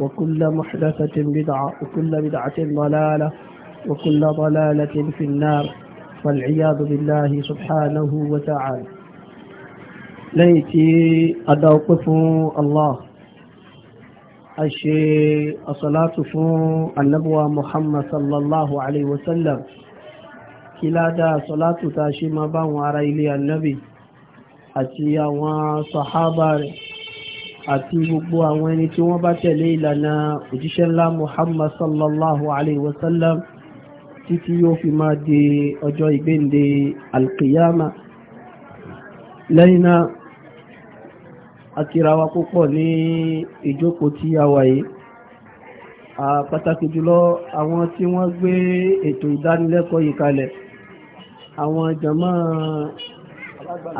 وكل محدثة بدعة وكل بدعة ضلالة وكل ضلالة في النار والعياذ بالله سبحانه وتعالى ليتي أدوقف الله أشي الصلاة النبوة محمد صلى الله عليه وسلم كلا دا صلاة تاشي مبان وعلى النبي أتي وصحابه àti gbogbo àwọn ẹni tí wọ́n bá tẹ̀lé ìlànà òjíṣẹ́ ńlá muhammad sallallahu alayhi wa sallam títí yóò fi máa di ọjọ́ ìgbéǹde alkiyama lẹ́yìn náà akirawa púpọ̀ ní ìjókòó tí a wà pàtàkì jùlọ àwọn tí wọ́n gbé ètò ìdánilẹ́kọ̀ọ́ yìí kalẹ̀ àwọn jàmá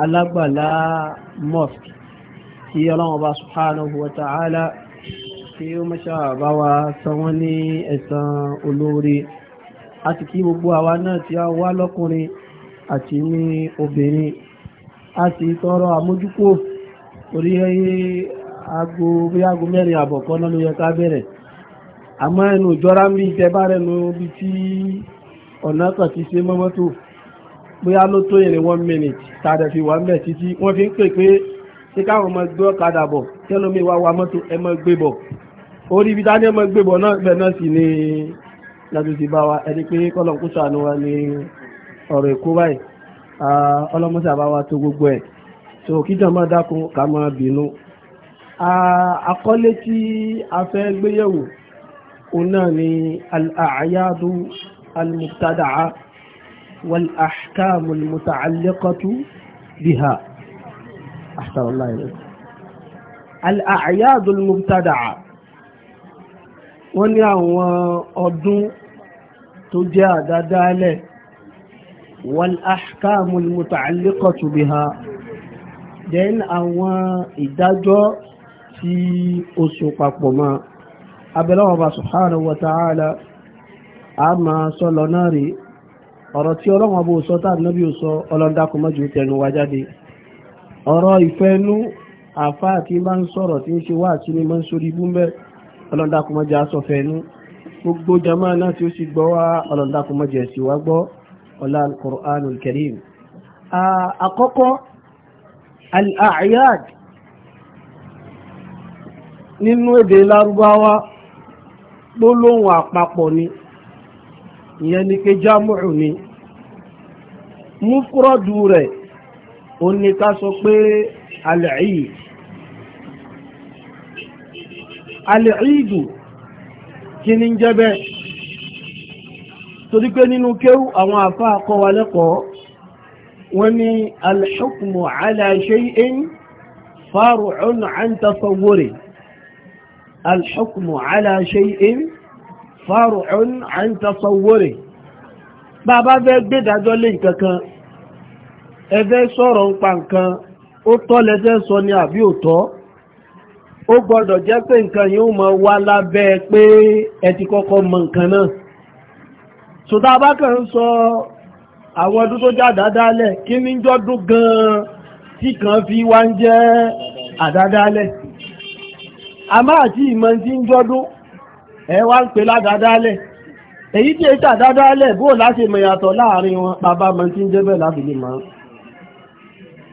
alágbàlá mosque tí ọlọ́run ọba subhanahu wa ta'ala tí ó mọ́ṣá bá wa san wọ́n ní ẹ̀san olóore àti kí gbogbo àwa náà tí a wá lọ́kùnrin àti ní obìnrin a sì tọrọ àmójúkò orí aago bí aago mẹ́rin àbọ̀kọ́ náà ló yẹ ká bẹ̀rẹ̀ àmọ́ ẹnu ìjọra ń bí ìtẹ́bá rẹ̀ nu ibi tí ọ̀nà kan ti ṣe mọ́mọ́tò bóyá ló tó yẹn one minute tàdẹ̀ fi wà ń bẹ̀ títí wọ́n fi ń pè pé ṣe káwọn ọmọ gbé ọ̀kadà bọ̀ tẹ́lómi wá wa mọ́tò ẹ mọ́ gbé bọ̀ orí ibi dání ẹ mọ́ gbé bọ̀ náà bẹ̀ náà sì ni láti ti bá wa ẹni pé kọ́lọ̀ kó sànú wa ní ọ̀rọ̀ èkó báyìí ọlọ́mọṣà bá tó gbogbo ẹ̀ so kíjọ máa dákun ká máa bínú àkọlé tí a fẹ́ gbéyẹ̀wò òun náà ni al-a'yadu al-mubtada'a wal أحسن الله إليك الأعياد المبتدعة wọ́n ní àwọn ọdún tó jẹ́ àdádálẹ̀ wal ahkamul muta'alliqatu biha then àwọn ìdájọ́ tí ó so papọ̀ mọ́ abẹ́lẹ́wọ̀n bá subhanahu wa ta'ala a máa sọ lọ náà rí ọ̀rọ̀ tí ọlọ́wọ̀n bó sọ tá nábì sọ ọlọ́ndàkùnmọ́jú tẹnu wa jáde ọ̀rọ̀ ìfẹ́nú àfáà tí bá ń sọ̀rọ̀ tí ń ṣe wá àti ní mọ́n sórí búmbẹ́ ọlọ́dàkùnmọ́jẹ́ asọ̀fẹ́nú gbogbo jama náà tí ó sì gbọ́ wá ọlọ́dàkùnmọ́jẹ́ sì wá gbọ́ ọlá al-Qur'anul Karim àkọ́kọ́ al-a'yad ó ní ká sọ pé alẹ́ìd alẹ́ìdù kí ní jẹ́ bẹ́ẹ̀ torí pé nínú kéwú àwọn àfá akọwà lẹ́kọ̀ọ́ wọ́n ní alhukmu ala shay'in faru'un an tasawwuri alhukmu ala shay'in faru'un an tasawwuri bàbá fẹ́ gbé dájọ́ lé nǹkan kan ẹfẹ́ sọ̀rọ̀ ń pa nǹkan ó tọ́ lẹ́fẹ́ sọ ní àbí òtọ́ ó gbọ́dọ̀ jẹ́ pé nǹkan yóò mọ wá lábẹ́ pé ẹ ti kọ́kọ́ mọ nǹkan náà sòtá abákan sọ àwọn ọdún tó já àdádálẹ̀ kí ní jọ́dún gan-an tí kan fi wá ń jẹ́ àdádálẹ̀ a máa ìmọ̀ tí ń jọ́dún ẹ wá ń pè ládádálẹ̀ èyí tí èyí tàdádálẹ̀ bóò láti mọ̀ yàtọ̀ láàrin wọn bàbá mọ̀ tí ń jẹ́ bẹ́ẹ̀ láti lè máa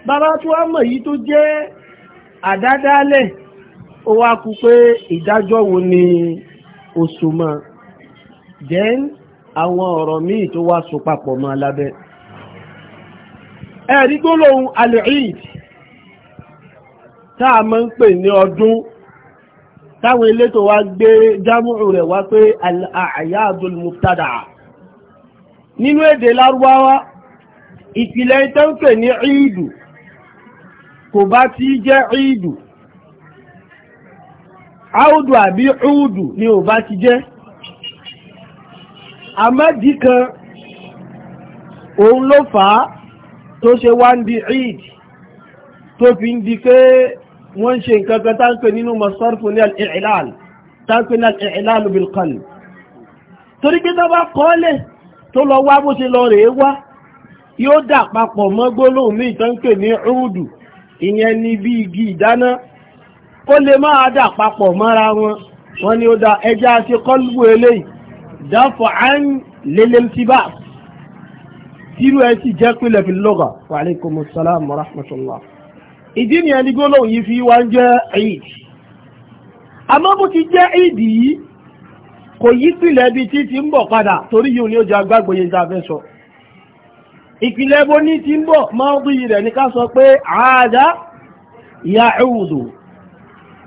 bàbá tó wá mọ̀ yìí tó jẹ́ àdádálẹ̀ ó wá kú pé ìdájọ́ wo ni oṣù mọ́ jẹ́ àwọn ọ̀rọ̀ míì tó wá so papọ̀ mọ́ lábẹ́ ẹ̀rí gbólóhùn al-Eid tá a máa ń pè ní ọdún táwọn elétò wa gbé jámùrù rẹ̀ wá pé al-a'yadul nínú èdè lárúbáwá ìpìlẹ̀ tó ń pè ní ìdù kò bá ti jẹ́ ìdù áùdù àbí ìdù ni ò bá ti jẹ́ àmọ́dí kan òun ló fà á tó ṣe wá ń di ìd tó fi ń di pé wọ́n ṣe nǹkan kan táǹpé nínú masarfu ní al-i'lal ní al-i'lal torí pé tó bá tó lọ wá bó ṣe lọ rèé wá yóò dà papọ̀ mọ́ gbólóhùn ní ní ìdù ìyẹn ni bí igi ìdáná kó lè máa dà papọ̀ mọ́ra wọn wọ́n ní ó da ẹja àti kọ́lùbù eléyìí dáfọ̀ à ń lélẹ́ ti bá tírú ẹ sì jẹ́ pínlẹ̀ fi lọ́gà wa alaikumus salam wa ìdí nìyẹn ni gbólóhùn yìí fi wá ń jẹ́ Eid àmọ́ bó ti jẹ́ Eid yìí kò yí pìlẹ̀ bíi títí ń bọ̀ padà torí yìí ni ó jẹ́ agbágbóye tá a fẹ́ sọ ìpìlẹ̀ bó ní tí ń bọ̀ máa bí rẹ̀ ní ká sọ pé àádá ya'udu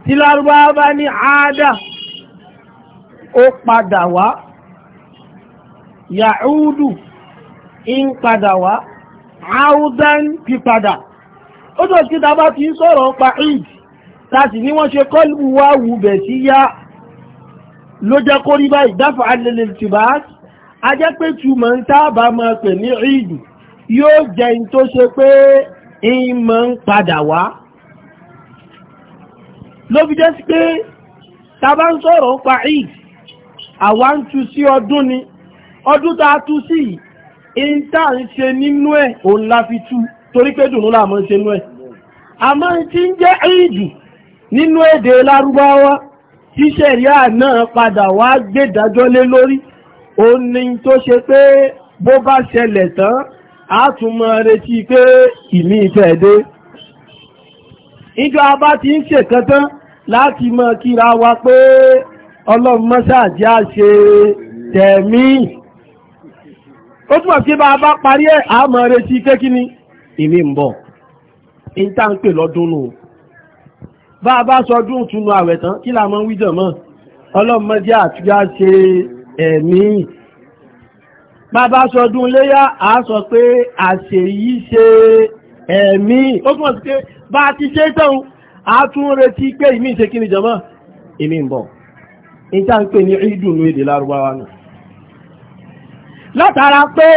tí lárúbá bá ní àádá ó padà wá ya'udu ń padà wá áúdán pípadà ó tó kí tàbá ti ń sọ̀rọ̀ pa ìd láti ní wọ́n ṣe kọlù wá wùbẹ̀ sí yá ló jẹ́ kó rí báyìí dáfà alẹ́lẹ́ tìbá a jẹ́ pé túmọ̀ ń tábà máa pè ní ìdù yóò jẹ́ in tó ṣe pé in máa ń padà wá ló fi jẹ́ sí pé ta bá ń sọ̀rọ̀ ń pa eid àwa ń tu sí ọdún ni ọdún tá tu sí in tá ń ṣe nínú ẹ̀ òun la fi tu torí pé dùnú là máa ń ṣe nínú ẹ̀ àmọ́ tí ń jẹ́ eid nínú èdè lárúbáwá tí ṣẹ̀ríà náà padà wá gbé dájọ́ lé lórí òun ni tó ṣe pé bó bá ṣẹlẹ̀ tán a tún mọ́ retí pé ìmí ìfẹ́ dé ìjọ abá ti ń ṣèkan tán láti mọ́ kíra wa pé ọlọ́run mọ́sáàjì á ṣe tẹ̀mí ó túnmọ̀ sí bá a bá parí ẹ̀ a mọ́ retí pé kí ni ìmí ń bọ̀ ń tá ń pè lọ́dún nù bá bá sọdún ìtùnú àwẹ̀ tán kí la wíjọ̀ mọ́ ọlọ́run ṣe ẹ̀mí bàbá sọdún léyá a sọ pé àṣèyí ṣe ẹ̀mí ó túnmọ̀ sí pé bá ti ṣe tán a tún retí pé ìmí ìṣe kí ni jọmọ́ ìmí ń bọ̀ ìta ń pè ní ìdùn ní èdè lárúbáwá nù látara pé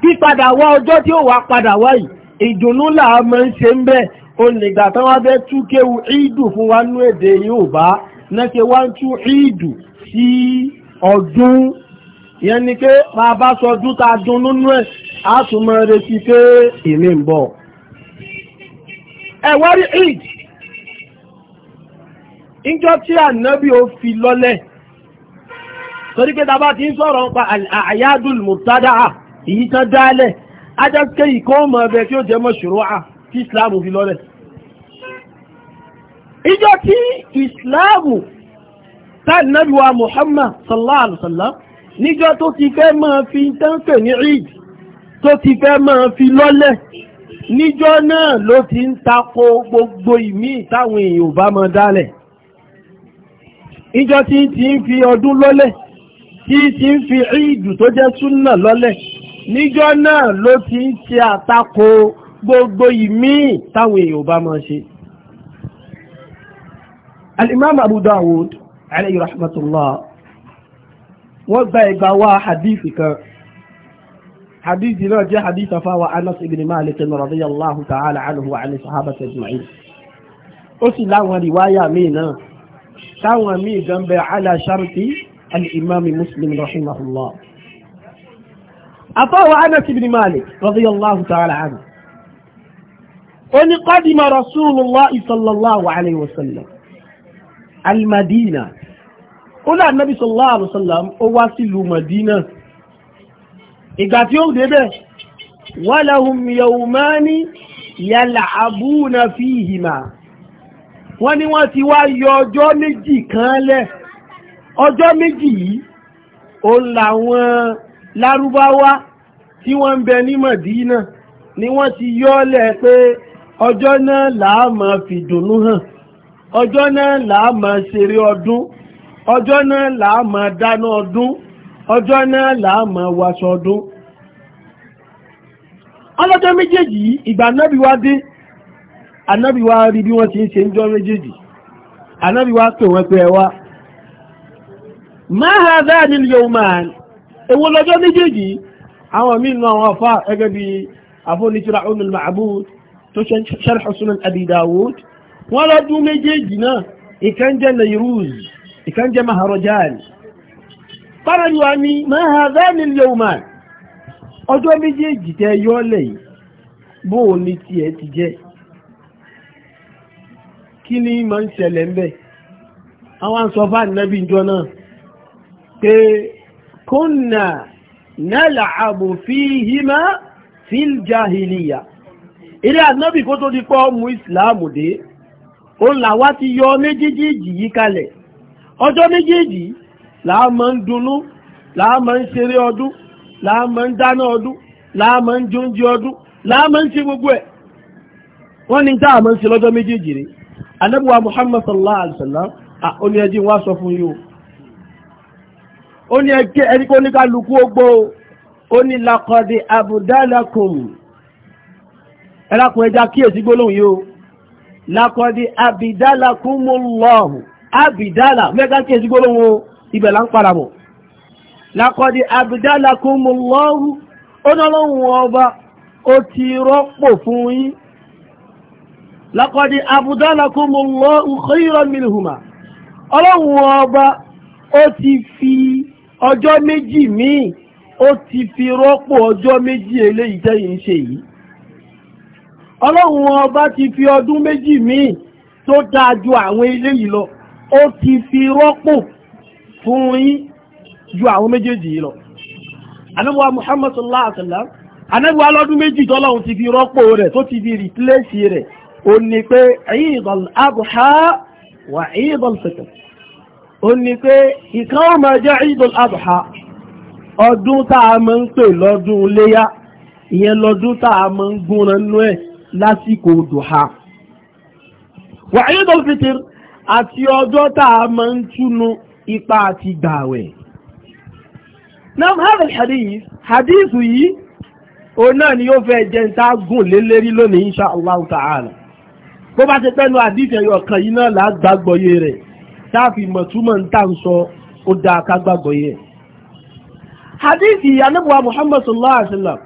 pípadà wá ọjọ́ tí ó wà padà wá yìí ìdùnnú làá mọ́ ń ṣe ń bẹ́ẹ̀ ó nìgbà tán wá bẹ́ tú kéwu ìdùn fún wa nú èdè Yorùbá náà ṣe wá ń tú ìdùn sí ọdún yẹn ni pé máa bá sọ dúta dun nínú ẹ̀ á tún mọ retí pé èmi ń bọ̀ ẹ̀wọ́n rí eid ìjọ tí ànábì ó fi lọ́lẹ̀ torí pé tàbá ti ń sọ̀rọ̀ pa àyádùn mùtádà èyí tán dálẹ̀ ajáṣẹ́ ìkọ́ọ̀mọ̀ ẹbẹ̀ tí ó jẹ mọ́ ṣòro à tí ìsìláàmù fi lọ́lẹ̀ ìjọ tí ìsìláàmù tàbí nàbíwá Muhammad sallallahu alaihi wasallam níjọ́ tó ti fẹ́ máa fi tánkè ní Eid tó ti fẹ́ máa fi lọ́lẹ̀ níjọ́ náà ló ti ń tako gbogbo ìmí táwọn èèyàn ò bá máa dálẹ̀ níjọ́ tí ti ń fi ọdún lọ́lẹ̀ tí ti ń fi Eid tó jẹ́ súnà lọ́lẹ̀ níjọ́ náà ló ti ń ṣe àtakò gbogbo ìmí táwọn èèyàn ò bá máa ṣe. Al-Imam Abu Dawud alayhi rahmatullah wọ́n gba ìgbà wa hadithi kan hadithi náà jẹ́ hadith afa wa anas ibn malik radiyallahu ta'ala anhu wa ani sahabati ajma'in ó sì láwọn riwaya míì náà táwọn míì gan bẹ ala sharti al-imam muslim rahimahullah afa wa anas ibn malik radiyallahu ta'ala anhu ó ní qadima rasulullah sallallahu alayhi wa sallam al-madina ó lá nàbí sallallahu alaihi wasallam ó wá sílùú Madina ìgbà tí ó débẹ̀ walahum yawmani yal'abuna fihima wọ́n ni wọ́n ti wá yọ ọjọ́ méjì kan lẹ̀ ọjọ́ méjì yìí ó làwọn lárúbáwá tí wọ́n ń bẹ ní Madina ni wọ́n ti yọ ọ́ pé ọjọ́ náà làá máa fìdùnnú hàn ọjọ́ náà làá máa ṣeré ọdún ọjọ́ náà làá máa dáná ọdún ọjọ́ náà làá máa waṣọ ọdún ọlọ́jọ́ méjèèjì yìí ìgbà anábì wá dé anábì wá rí bí wọ́n ti ń ṣe ń jọ méjèèjì anábì wá pè wọ́n pé ẹ wá máa ha dáa nílùú yóò máa èwo lọ́jọ́ méjèèjì àwọn míì náà wọ́n fà gẹ́gẹ́ bí àfọ́nìtura Ummul Ma'bud tó ṣe Sharh Sunan Abi wọ́n lọ́dún méjèèjì náà ìkan jẹ́ ìkan jẹ́ maharajan fáránúwa ni mahazani yawman ọjọ́ méjèèjì tẹ́ yọ́lẹ̀ yìí bóò ní tiẹ̀ ti jẹ́ kí ni máa ń ṣẹlẹ̀ ń bẹ̀ àwọn aṣọ bá nẹ́bí ìjọ náà pé kúnnà nal'abu fihima fil jahiliya ilé ànábì kó tó di pọ́ mú ìsìláàmù dé ó làwá ti yọ méjèèjì yìí kalẹ̀ ọjọ́ méjèèjì làá máa ń dunnú làá máa ń ṣeré ọdún làá ń dáná ọdún ń jóúnjẹ ọdún ń ṣe gbogbo ẹ̀ wọ́n ni a máa ń ṣe lọ́jọ́ méjèèjì rẹ̀ anábùwà Muhammad sallallahu alayhi sallam wá sọ fún o ó ẹni ní o abidala mẹ́ta kí èsì gbólóhùn ibẹ̀ là ń bọ̀ lakọ́dí abidala kó mú lọ́rù ó ní ọba ó ti rọ́pò fún yín lakọ́dí abidala kó mú lọ́rù khayran minhuma ọlọ́run ọba ó ti fi ọjọ́ méjì míì ó ti fi rọ́pò ọjọ́ méjì eléyìí tẹ́yìn ṣe yìí ọlọ́run ọba ti fi ọdún méjì míì tó dáa ju àwọn eléyìí lọ ó ti fi rọ́pò fún yín ju àwọn méjèèjì yìí lọ anábíwá Muhammad sallallahu alaihi wa sallam anábíwá lọ́dún méjì tọ́lọ́hun ti fi rọ́pò rẹ̀ tó ti fi rìpléṣì rẹ̀ ó ní pé Eidul Adha wà Eidul Fitr ó ní pé ìkan ó máa jẹ́ Eidul Adha ọdún tá a máa ń pè lọ́dún léyá ìyẹn lọ́dún tá a máa ń gúnran nú ẹ̀ lásìkò duha wà Eidul Fitr àti ọjọ́ tá a máa ń túnu ipa àti gbààwẹ̀. nam hadith hadith hadith yìí o náà ni yóò fẹ́ jẹ́ gùn lónìí insha allah ta'ala bó bá ti pẹ́nu hadith ẹ̀yọ̀ kan yìí náà lágbàgbọ́yé rẹ̀ fi ń tà ń sọ ó da ká gbàgbọ́yé hadithi muhammad sallallahu alaihi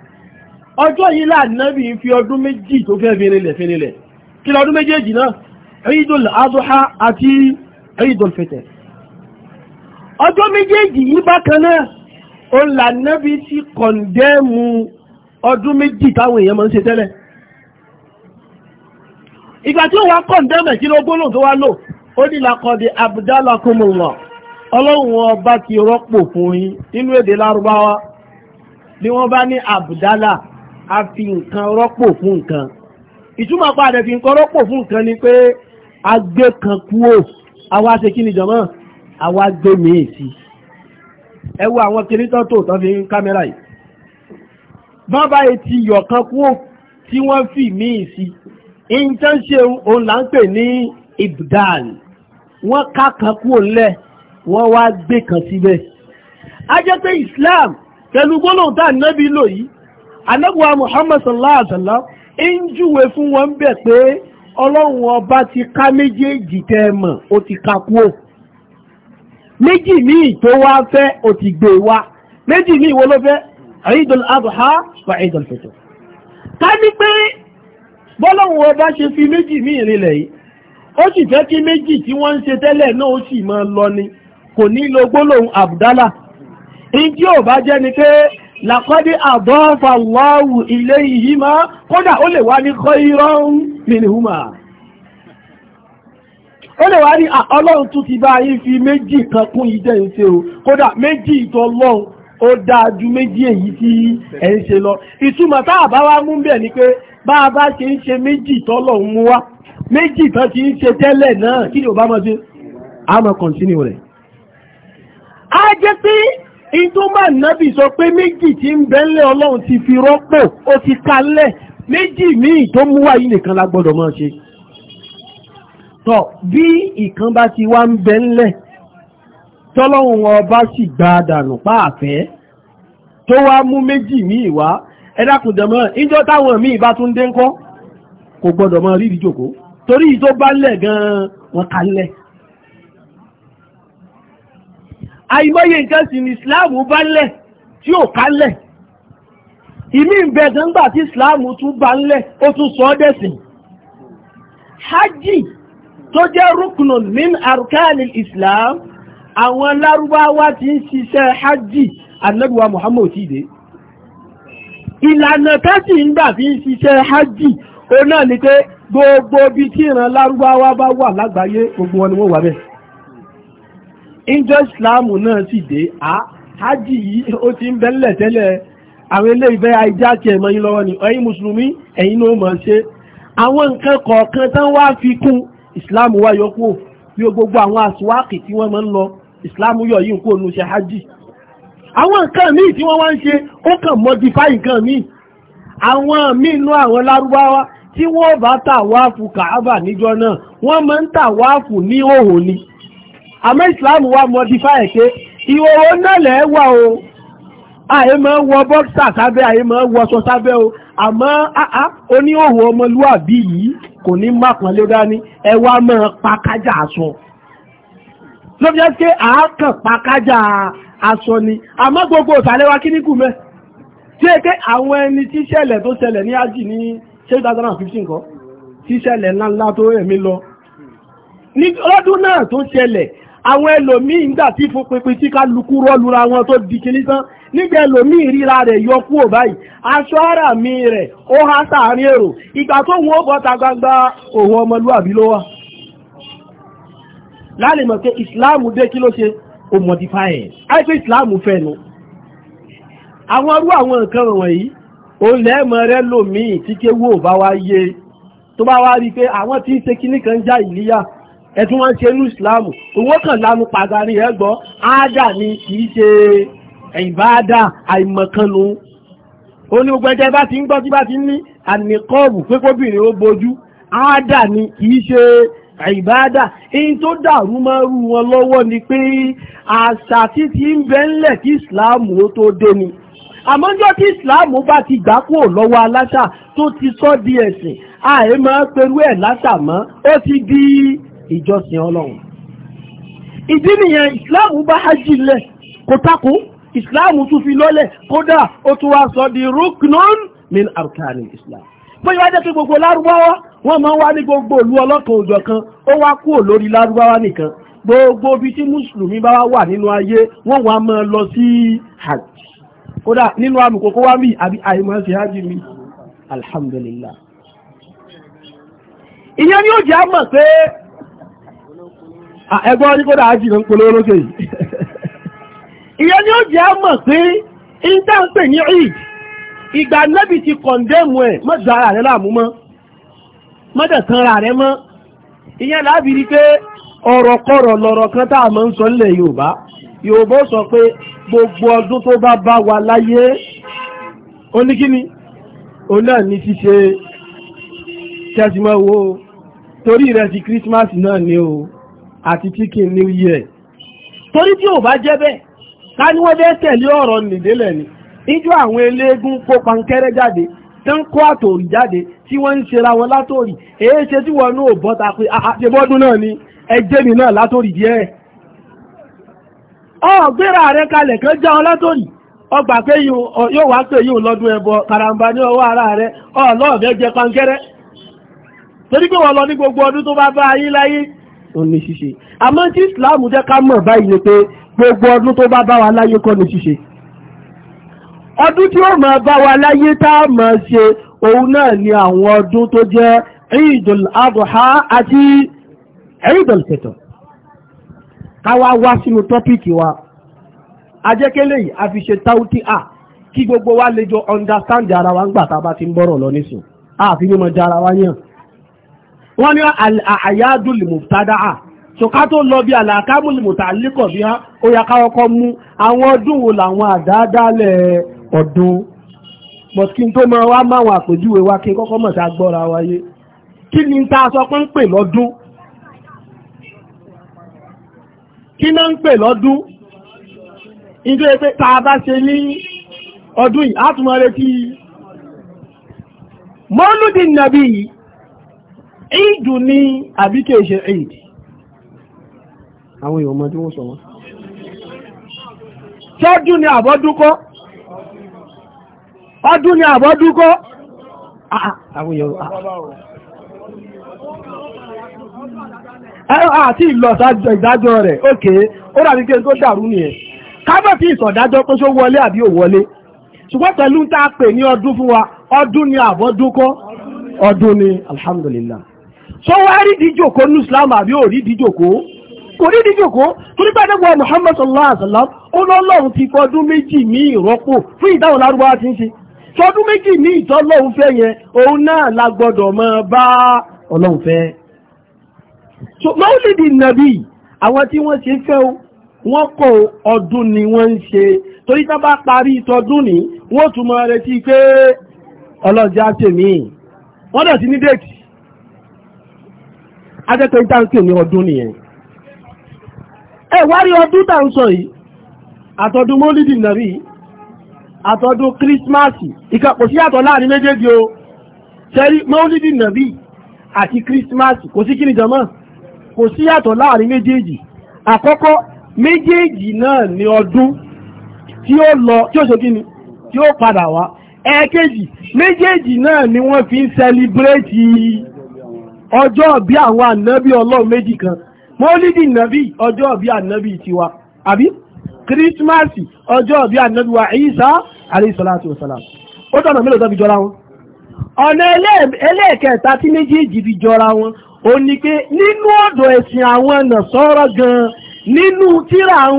ọjọ́ yìí fi ọdún méjì tó fẹ́ méjèèjì náà Eidul Adha àti Eidul Fitr ọjọ́ méjèèjì yìí bákan náà ó là nẹ́bí ti kọ̀ndẹ́mù ọdún méjì táwọn èèyàn máa ń ṣe tẹ́lẹ̀ ìgbà tí ó wá kọ̀ndẹ́mù ẹ̀kí ló gbólóhùn tó wá lò ó ní làkọ̀dé abdalakumullah ọlọ́run ọba ti rọ́pò fún yín nínú èdè lárúbáwá ni wọ́n bá ní abdala a fi nǹkan rọ́pò fún nǹkan ìtumọ̀ pa àdẹ̀fi nǹkan rọ́pò fún nǹkan ni pé agbé kan kúrò àwa ṣe kí ni jọmọ́ àwa gbé míì sí ẹ wo àwọn kiri tó tó tán fi ń kámẹ́rà yìí bàbá yìí ti yọ̀ kan kúrò tí wọ́n fi míì sí intention òun là ń pè ní ibdal wọ́n ká kan kúrò ńlẹ̀ wọ́n wá gbé kan síbẹ̀ a jẹ́ pé Islam pẹ̀lú gbólóhùn tá ànábì lò yìí ànábì wa Muhammad sallallahu alaihi wa sallam ń júwe fún wọn bẹ̀ pé ọlọ́run ọba ti ká méjèèjì tẹ́ ẹ mọ̀ ó ti ká kúò méjì míì tó wá fẹ́ ó ti gbé wá méjì míì wo ló fẹ́ Eidul Adha wa Eidul Fitr ká ní pé bọ́lọ́run ọba ṣe fi méjì míì rinlẹ̀ yìí ó sì fẹ́ kí méjì tí wọ́n ń ṣe tẹ́lẹ̀ náà ó sì máa lọ ni kò ní lo gbólóhùn àbùdálà ìdí ò bá jẹ́ ni pé làkọ́dé àbọ́fà wáwù ilé yìí máa kódà ó lè wá ní kọ́ irọ́ ń mìíràn ó lè wá ní ah, ọlọ́run tún ti bá yín fi méjì kan kún ìjẹ́ ìṣe o kódà méjì ìtọ́ ọlọ́run ó dáa ju méjì èyí tí ẹ̀ ń ṣe lọ ìtumọ̀ tá a bá wá mú bẹ̀ ni pé bá a bá ṣe ń ṣe méjì tọ́lọ́run mú wá méjì tán ti ń ṣe tẹ́lẹ̀ náà kí ni ò bá mọ́ sí a máa kọ̀ǹtínú rẹ̀ a jẹ́ pé ìtúmọ̀ nábì sọ pé méjì tí ń bẹ́ńlẹ̀ ọlọ́run ti fi rọ́pò ó ti kalẹ̀ méjì míì tó mú wáyé nìkan la gbọ́dọ̀ máa ṣe tọ́ bí ìkan bá ti wá ń bẹ́ńlẹ̀ tọ́lọ́run ọba sì gba dànù páàfẹ́ tó wá mú méjì míì wá ẹ̀dàkùndẹ̀mọ́ ìjọ táwọn míì bá tún dé ńkọ́ kò gbọ́dọ̀ máa rí ìdíjòkó torí ìtó bá gan-an wọn kalẹ̀ àìmọye nǹkan sì ní islam bá lẹ̀ tí ò ká lẹ̀ ìmí ìbẹ̀dẹ̀ ńgbà tí islam tún bá lẹ̀ ó tún sọ ọ́ dẹ̀sìn hajj tó jẹ́ rukunun min arkani islam àwọn lárúbáwá ti ń ṣiṣẹ́ hajj anabiwa muhammad ti dé ìlànà tẹ́sì ń gbà fi ń ṣiṣẹ́ hajj òun náà ni pé gbogbo ibi tí ìran lárúbáwá bá wà lágbàáyé gbogbo wọn ni wọ́n wà bẹ́ẹ̀ ìjọ ìsìláàmù náà sì dé a hajj yìí ó ti ń bẹ́lẹ̀ tẹ́lẹ̀ àwọn ilé ìfẹ́ ajá kí ẹ̀mọ́ yín lọ́wọ́ ni ẹ̀yin mùsùlùmí ẹ̀yin ló mọ̀ ṣe àwọn nǹkan kọ̀ọ̀kan tán wá fi kún ìsìláàmù wá yọ kúrò bí gbogbo àwọn àsùwákì tí wọ́n máa ń lọ ìsìláàmù yọ yìí kúrò nù ṣe hajj àwọn nǹkan míì tí wọ́n wá ń ṣe ó kàn modify nǹkan míì àwọn míì nú àwọn lárúbáwá tí wọ́n bá tà wáàfù kàábà níjọ náà wọ́n máa ń tà wáàfù ní òhò àmọ́ ìsìláàmù wa modify pé ìwòwò nálẹ̀ wà o àyè máa ń wọ bọ́ksà sábẹ́ àyè máa ń wọṣọ sábẹ́ o àmọ́ àá oníhòòhò ọmọlúwàbí yìí kò ní mákan ló dání ẹ wá máa pa kájà aṣọ ló fi jẹ́ pé àákàn pa kájà aṣọ ni àmọ́ gbogbo ìsàlẹ̀ wa kíníkù mẹ́ tí é pé àwọn ẹni tí ṣẹlẹ̀ tó ṣẹlẹ̀ ní ájì ní 2015 kan tí ṣẹlẹ̀ ńláńlá tó ẹ̀mí lọ ní ọdún náà tó ṣẹlẹ̀ àwọn ẹlòmíì ń gbà tí fún pinpin tí kálukú rọ́lura wọn tó di kìíní tán nígbà ẹlòmíì ríra rẹ̀ yọ kúrò báyìí aṣọ ara mi rẹ̀ ó há sáàrin èrò ìgbà tó wọn ó bọ́ta gbangba òun ọmọlúwàbí ló wà. lálẹ́ mọ̀ pé ìsìláàmù dé kí ló ṣe ó mọ̀dífà ẹ̀ ẹ̀tún wọ́n ṣe ní ìsìláàmù owó kan lánú pàgàrí ẹgbọ́ áádà ni kìí ṣe ìbáádà àìmọ̀kanu ó ní gbogbo ẹjẹ́ bá ti ń gbọ́ tí bá ti ní ànìkọ́ọ̀bù pé ó bojú áádà ni kìí ṣe ìbáádà èyí tó dàrú mọ́rú wọn lọ́wọ́ ni pé àṣà tí ti ń bẹ ńlẹ̀ kí ìsìláàmù ó tó dé ni àmọ́jọ́ tí ìsìláàmù bá ti gbà kúrò lọ́wọ́ aláṣà tó ti sọ́ di ẹ̀sìn àìmọ́ pẹ̀lú ẹ̀ láṣà mọ́ ó ti di ìjọsìn ọlọ́run ìdí nìyẹn islam bá hajj kò takò islam tún fi lọ́lẹ̀ kódà ó tún wá sọ di ruknon min arkani islam pé ìwádìí pé gbogbo lárúbáwá wọ́n máa ń wá ní gbogbo ìlú ọlọ́kan òjọ̀ kan ó wá kúrò lórí lárúbáwá nìkan gbogbo ibi tí mùsùlùmí bá wà nínú ayé wọ́n wá máa lọ sí hajj kódà nínú amùkókó wá mi àbí àìmọ̀ ṣe hajj mi alhamdulillah ìyẹn ni ó jẹ́ àmọ̀ pé ẹgbọ́n ní kódà ájì ń polówó lókè yìí ìyẹn ni ó jẹ́ mọ̀ pé intanpe ní eid ìgbà nẹ́bì ti kọ̀ndẹ́mù ẹ̀ mọ́jọ ara rẹ̀ láàmú mọ́ mọ́jọ kan ara rẹ̀ mọ́ ìyẹn láàbí rí pé ọ̀rọ̀ kọ̀rọ̀ lọ̀rọ̀ kan tá a máa ń sọ nílẹ̀ Yorùbá Yorùbá sọ pé gbogbo ọdún tó bá bá wa láyé oníkíni òun ní ṣíṣe tẹ̀símọ́ wo torí ìrẹsì Christmas náà ni o. àti chicken new year torí tí ò bá jẹ́ bẹ́ẹ̀ ká ní wọ́n bẹ́ẹ̀ tẹ̀lé ọ̀rọ̀ nìdélẹ̀ ni ijó àwọn eléégún kó pankẹ́rẹ́ jáde tó ń kó àtòrí jáde tí wọ́n ń ṣera wọn látòrí èyí ṣe tí wọn náà ta pé náà ni ẹjẹ́ mi náà látòrí díẹ̀ ọ gbéra rẹ kalẹ̀ kan já ọ látòrí ọgbà pé yóò wá pé yóò lọ́dún ẹbọ karamba ní ọwọ́ ara rẹ ọ lọ́ọ̀bẹ jẹ pankẹ́rẹ́ torí pé wọ́n lọ ní gbogbo ọdún tó ó ní ṣíṣe àmọ́ tí Islam jẹ́ ká mọ̀ báyìí ni pé gbogbo ọdún tó bá bá wa láyé kọ́ ní ṣíṣe ọdún tí ó máa bá wa láyé tá a máa ṣe òun náà ni àwọn ọdún tó jẹ́ Eidul Adha àti Eidul Fitr ká wá wá sínú tọ́pìkì wa ajẹ́kẹ́lẹ́ yìí a fi ṣe táwùtì à kí gbogbo wa lè jọ understand ara wa ń gbà tá a bá ti ń bọ̀rọ̀ lọ nísìn àfi mímọ dára wa yàn wọ́n ní àyádùn lìmùtádàá so ká tó lọ bí àlàkámù lìmùtàlíkọ̀ bí á ó yá káwọ́kọ́ mú àwọn ọdún wo làwọn àdáadáalẹ̀ ọdún but kí n tó máa wá máwọn àpèjúwe wa kí n kọ́kọ́ mọ̀ sí wáyé kí ni tá sọ pé ń pè lọ́dún kí náà ń pè lọ́dún ìjọ pé tá bá ṣe ní ọdún yìí á tún máa ìdù ní àbíkẹ́ ìṣe ìdì àwọn èèyàn ọmọ tí wọ́n sọ wọ́n ṣọ́dún ni àbọ́dúkọ́ ọdún ni àbọ́dúkọ́ ah, ah, àwọn èèyàn àti ah. ìlọ̀sájọ ìdájọ́ rẹ̀ ókè ó dàbí kí n tó dàrú nìyẹn kábọ̀tì ìsọ̀dájọ́ pé ṣó wọlé àbí ò wọlé ṣùgbọ́n pẹ̀lú tá a pè ní ọdún fún wa ọdún ni àbọ́dúkọ́ ọdún ni alhamdulillah sọ wá rí díjòkó ní islam àbí ò rí díjòkó kò rí díjòkó torí pé àdẹ́gbọ́ muhammad sallallahu alaihi wa sallam ó lọ́lọ́run ti fọdún méjì ní ìrọ́pò fún ìdáhùn lárúbáwá ti ń ṣe sọdún méjì ní ìtọ́lọ́run fẹ́ yẹn òun náà la gbọ́dọ̀ máa bá ọlọ́run fẹ́ so maulidi nabi àwọn tí wọ́n ṣe fẹ́ o wọ́n kọ ọdún ni wọ́n ń ṣe torí tá bá parí ìtọ́dún ni wọ́n tún máa retí pé ọlọ́jà tèmi wọ́n dẹ̀ sí ní déètì ajẹ́pẹ́ táǹkì ní ọdún nìyẹn ẹ wá rí ọdún tá à ń sọ yìí àtọdún mólídì nàbí àtọdún kírísímásì ìkàpọ̀ sí àtọ̀ láàrin méjèèjì o sẹ́rí mólídì nàbí àti kírísímásì kò sí kíni jọmọ́ kò sí àtọ̀ láàrin méjèèjì àkọ́kọ́ méjèèjì náà ni ọdún tí ó lọ tí ó ṣe kíni tí ó padà wá ẹ̀ẹ̀kejì méjèèjì náà ni wọ́n fi ń sẹlibrétì ọjọ́ bí àwọn ànábì ọlọ́run méjì kan mọ́lídì nàbí ọjọ́ bí ànábì tiwa àbí kírísímàsì ọjọ́ bí ànábì wa Ìsá aláìsàlátì wasalam ó tọ̀nà mélòó tọ́bi jọra wọn. ọ̀nà ẹlẹ́ẹ̀kẹta tí méjèèjì fi jọra wọn ò ní pé nínú ọ̀dọ̀ ẹ̀sìn àwọn gan nínú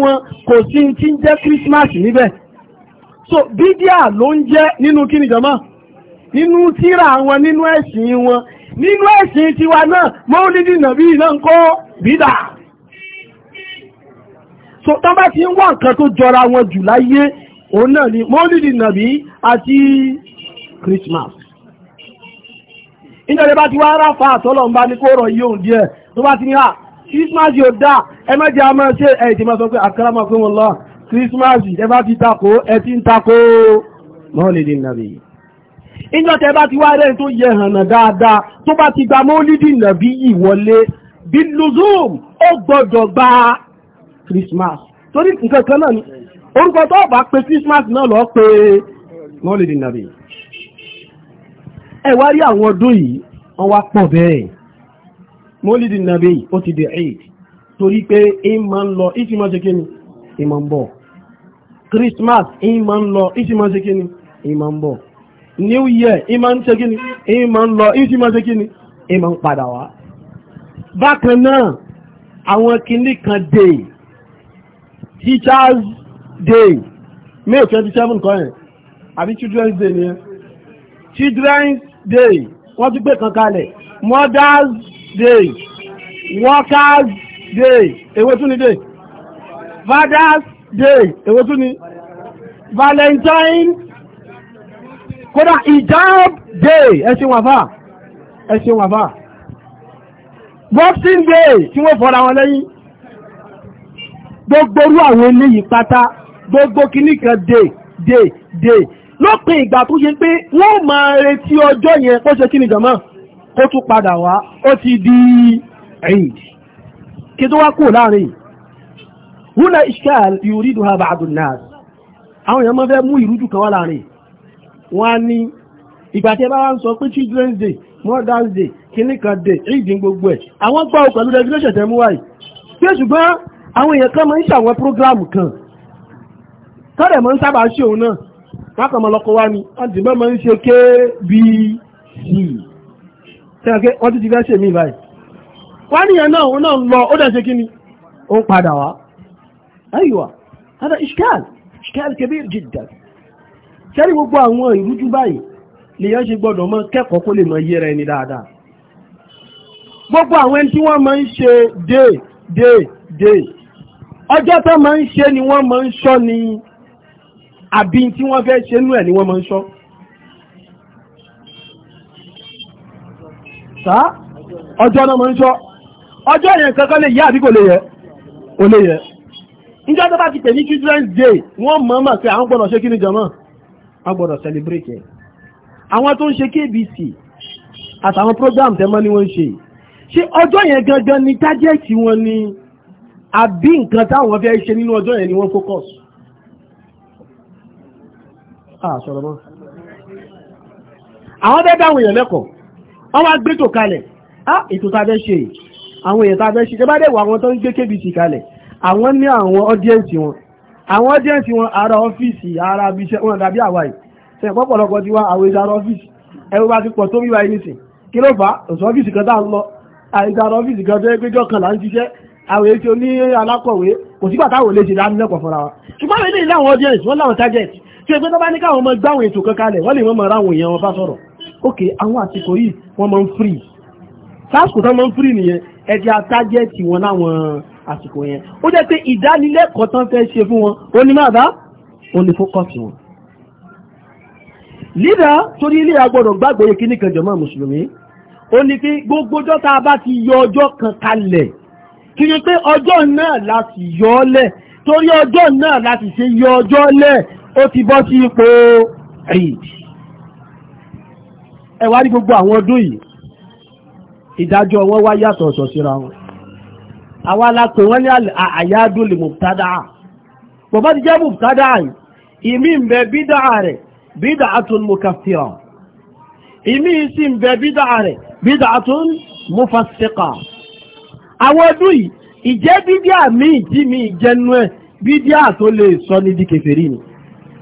wọn kò sí ti ń jẹ́ kírísímàsì níbẹ̀ so bídíà ló ń jẹ́ nínú kíni wọn nínú ẹ̀sìn wọn nínú ẹ̀sìn tiwa náà mọ́lídì nàbí náà ń kọ́ bídà so tán bá ti ń wá nǹkan tó jọra wọn jù láyé òun náà ni mọ́lídì nàbí àti Christmas ìjọba bá ti wá ráfà àtọ́lọ̀ ń bá ní kó rọ̀ yóò díẹ̀ tó bá ti ní à ah, Christmas yóò dá ẹ má jẹ́ a máa ṣe ẹ̀ ìtìmọ̀ sọ pé àkàràmọ̀ pé wọ́n lọ Christmas ẹ bá ti takò ẹ ti ń takò mọ́lídì nàbí yìí ìjọ tẹ bá ti wá rẹ̀ tó yẹ hànà dáadáa tó bá ti gba mọ́lídì nàbí yìí bí luzum ó gbọ́dọ̀ gba Christmas torí nǹkan kan náà ni orúkọ tó bá pe Christmas náà lọ pé mọ́lídì nàbí ẹ wá rí àwọn ọdún yìí wọ́n wá pọ̀ bẹ́ẹ̀ mọ́lídì nàbí ó ti di eid torí pé ìmọ̀ ń lọ ìfimọ̀ ṣe kí ni ìmọ̀ ń bọ̀ Christmas ìmọ̀ ń lọ ìfimọ̀ ṣe kí ni ìmọ̀ ń bọ̀ new year ìmọ̀ ń ṣe kíni ìmọ̀ ń lọ ìmọ̀ ń ṣe kíni ìmọ̀ ń padà wá. bákan náà àwọn kinní kan day teachers day may twenty seven kọ́ yẹn àbí children's day ni yẹn children's day wọ́n tún gbé kan kalẹ̀ mothers day workers day èwo tún ni day fathers day èwo tún ni valentine kódà ìjáàb day ẹṣin wàfà ẹṣin wàfà boxing day tí wọ́n fọ́ra wọn lẹ́yìn gbogbo orú àwọn eléyìí pátá gbogbo kìíní kan day day day lópin ìgbà tó ṣe pé wọ́n máa retí ọjọ́ yẹn kó ṣe kíni jọ̀mọ́ kó tún padà wá ó ti di Eid kí tó wá kù láàrin húnà ìṣkáàl yuriduha ba'du an-nas àwọn èèyàn máa fẹ́ mú ìrújú kan wá láàrin wọ́n á ní ìgbà tí ẹ bá wá ń sọ pé children's day mother's day kìíní kan day ìdí gbogbo ẹ̀ àwọn gbà pẹ̀lú regulation tẹ̀ mú wáyé pé ṣùgbọ́n àwọn èèyàn kan máa ń ṣàwọn program kan tọ́lẹ̀ máa ń sábà ṣe òun náà wọ́n kàn máa lọ́kọ̀ wá ni wọ́n ti mọ́ máa ń ṣe kbc sẹ́yìn pé wọ́n ti ti fẹ́ ṣe mí báyìí wọ́n níyẹn náà òun náà ń lọ ó dẹ̀ ṣe kí ni ó padà wá ayùwà hada ishkal ishkal kabir jiddan sẹ́rí gbogbo àwọn ìrújú báyìí lèyàn ṣe gbọ́dọ̀ mọ kẹ́kọ̀ọ́ kó lè mọ yẹra ẹni dáadáa gbogbo àwọn ẹni tí wọ́n máa ń ṣe dé dé dé ọjọ́ tó máa ń ṣe ni wọ́n máa ń ṣọ́ ni àbí tí wọ́n fẹ́ ṣe nú ẹ̀ ni wọ́n máa ń ṣọ́ sá ọjọ́ náà máa ń ṣọ́ ọjọ́ yẹn kankan lè yá àbí kò lè yẹ kò lè yẹ níjọ́ tó bá ti pè ní children's day wọ́n mọ̀ mọ̀ pé àwọn gbọ́dọ̀ ṣe kí ni jọmọ́ a gbọ́dọ̀ celebrate ẹ̀ àwọn tó ń ṣe KBC àtàwọn program tẹ́mọ́ ni wọ́n ń ṣe ṣé ọjọ́ yẹn gangan ni target wọn ni àbí nǹkan táwọn fẹ́ ṣe nínú ọjọ́ yẹn ni wọ́n focus sọ̀rọ̀ mọ́ àwọn bẹ́ẹ̀ dáwọn èèyàn lẹ́kọ̀ọ́ wọ́n wá gbé tò kalẹ̀ ah ètò ta fẹ́ ṣe àwọn èèyàn ta fẹ́ ṣe tẹ́ bá dẹ̀ wọ àwọn tó ń gbé KBC kalẹ̀ àwọn ní àwọn audience wọn àwọn ọ́díẹ̀nsì wọn ara ọ́fíìsì ara abiṣẹ́ wọn dàbí àwa yìí sẹ́yìn pọ́pọ̀lọpọ̀ ti wá àwọn ìdára ọ́fíìsì ẹ̀rọ bá ti pọ̀ tó wíwá yìí nìsín kí ló fà á òsì ọ́fíìsì kan tá à ń lọ àìdára ọ́fíìsì kan tó yẹ péjọ kan là ń ṣiṣẹ́ àwọn èyí tí ó ní alákọ̀wé kò sígbà táwọn lè ṣe dánilẹ́kọ̀ọ́ fúnra wa ṣùgbọ́n ilé ìlú àwọn audience wọ́n láwọn target free sars kò tán máa free nìyẹn ẹ ti a target wọn láwọn àsìkò yẹn ó jẹ́ pé ìdánilẹ́kọ̀ọ́ tán fẹ́ ṣe fún wọn ó ní máa bá ó ní fókọ̀sì wọn. lídà torí ilé agbọ́dọ̀ gbàgbọ́ yẹ kíní kan jọmọ́ mùsùlùmí ó ní pé gbogbo ọjọ́ tá a bá ti yọ ọjọ́ kan kalẹ̀ kí ni pé ọjọ́ náà láti yọ ọ́ lẹ̀ torí ọjọ́ náà láti ṣe yọ ọjọ́ lẹ̀ ó ti bọ́ sí ipò Eid rí gbogbo àwọn ọdún yìí ìdájọ́ wọn wá yàtọ̀ ọ̀sọ̀ síra wọn àwọn alápè wọ́n ní àyádùn lè mùtádà bọ̀bá ti jẹ́ mùtádà ìmí ń bẹ bídà rẹ̀ bídà àtún mukaffira ìmí sì ń bẹ bídà rẹ̀ bídà àtún mufassiqa àwọn ọdún yìí ìjẹ́ bídíà míì tí mi jẹnu ẹ̀ bídíà tó lè sọ ní di kèfèrí ni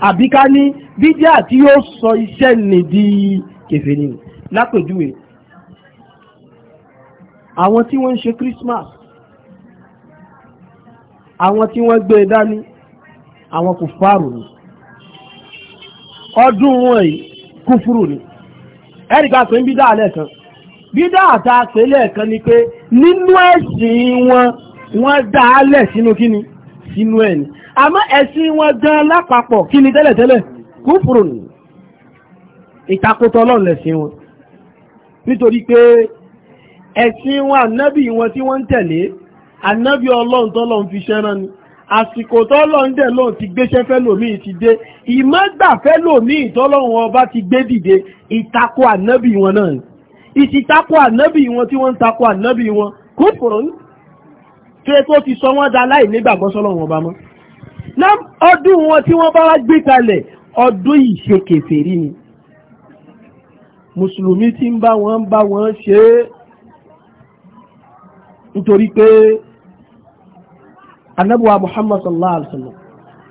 àbí ká ní bídíà tí yóò sọ iṣẹ́ ní di kèfèrí ni lápèjúwe àwọn tí wọ́n ń ṣe Christmas àwọn tí wọ́n gbé e dání àwọn kùfàrù ni ọdún wọn yìí kúfúrù ni ẹ̀ríkà pé ń bí dáa lẹ́ẹ̀kan bí dáa ta pé lẹ́ẹ̀kan ni pé nínú ẹ̀sìn wọn wọ́n dáa lẹ̀ sínú kíni sínú ẹ̀ ni àmọ́ ẹ̀sìn wọn gan lápapọ̀ kíni tẹ́lẹ̀tẹ́lẹ̀ kúfúrù ni ìtakótọ́ ọlọ́run lẹ̀sìn wọn nítorí pé ẹ̀sìn wọn ànábì wọn tí wọ́n ń tẹ̀lé ànábì ọlọ́run tọ́lọ́run fi ṣẹ́rán ni àsìkò tọ́lọ́run dẹ̀ lóun ti gbéṣẹ́ fẹ́lòmíì ti dé ìmọ̀gbà fẹ́lòmíì tọ́lọ́run ọba ti gbé dìde ìtakò ànábì wọn náà ni ìtìtakò ànábì wọn tí wọ́n ń takò ànábì wọn kò fòrò ní tó yẹ kó ti sọ wọ́n da láì nígbàgbọ́ sọ́lọ́run ọba mọ́ náà ọdún wọn tí wọ́n bá wá gbé kalẹ̀ ọdún yìí ṣe kèfèrí ni mùsùlùmí tí ń bá wọn bá wọn ṣe é nítorí pé anábùwà muhammad sallallahu alaihi wasallam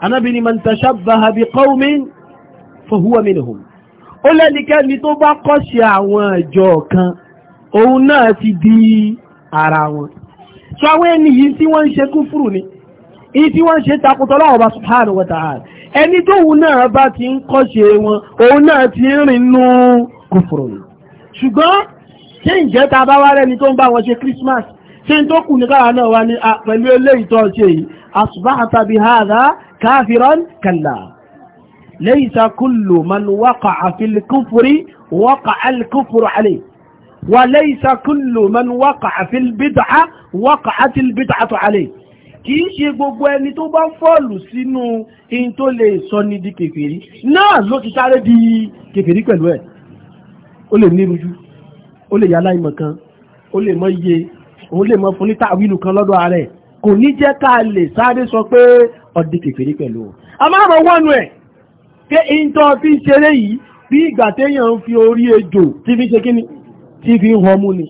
anábì ni man tashabbaha bi qawmin fahuwa minhum ó lẹ́nikẹ́ni tó bá kọ́ṣe àwọn ìjọ kan òun náà ti di ara wọn sọ àwọn ènìyàn tí wọ́n ń ṣe kúfùrù ni èyí tí wọ́n ṣe takùtọ̀ láwọn bá subhanahu wa ta'ala ẹni tóun náà bá ti ń kọ́ṣe wọn òun náà ti ń rìn nú ni ṣùgbọ́n ṣé ǹjẹ́ ta bá wá rẹ́ni tó ń bá wọn ṣe Christmas tí n tó kù ní káwà náà wá ní ah, pẹ̀lú ilé ìtọ́ ṣe yìí asbahata bihadha kafiran kalla laysa kullu man waqa'a fil kufri waqa'a al kufru alayhi wa laysa kullu man waqa'a fil bid'a waqa'at al bid'atu alayhi kìí ṣe gbogbo ẹni tó bá fọ́ọ̀lù sínú in tó lè sọ ní di kèfèrí náà ló ti sáré di kèfèrí pẹ̀lú ẹ̀ ó lè nírújú ó lè yá láìmọ̀ kan ó lè mọ iye òun lè mọ fún ní tàwílù kan lọ́dọ̀ ààrẹ kò ní jẹ́ ká lè sáré sọ pé ọdí kékeré pẹ̀lú o. a máa mọ̀ wọ́nu ẹ̀ pé ìntọ́ fi ń ṣeré yìí bí ìgbà téèyàn ń fi orí ejò tí fi ń ṣe kíni tí fi ń họmú ni.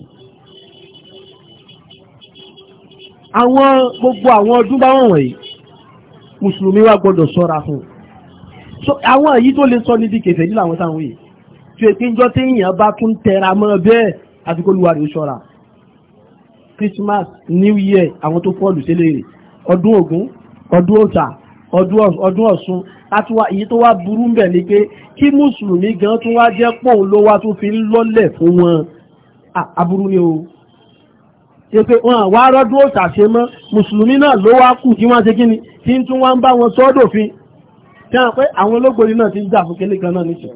àwọn gbogbo àwọn ọdún bá wọ̀n wọ̀nyí mùsùlùmí wa gbọ́dọ̀ ṣọ́ra fún un. àwọn èyí tó lè sọ níbi kẹfẹ́ nílò àwọn táwọn yìí tí èpínjọ́ téèyàn bá tún tẹra mọ́ bẹ́ẹ̀ àfikún olúwa rẹ̀ ṣọ́ra. Christmas New Year àwọn tó fọ́ọ̀lù sílẹ̀ rẹ̀ ọdún Ògún ọdún Ọ̀tà ọdún Ọ̀ṣun láti wá èyí tó wá burú ń bẹ̀ ni pé kí mùsùlùmí gan tún wá jẹ́ pòun ló wá tún fi ń lọ́lẹ̀ fún wọn aburú ni o ṣe pé wọn wá rọ́dún Ọ̀tà ṣe mọ́ mùsùlùmí náà ló wá kù kí wọ́n ṣe kí ni kí n tún wá ń bá wọn sọ́dọ̀fin kí wọ́n pé àwọn olóògbòrí náà ti ń jà fún kélé kan náà nìṣẹ́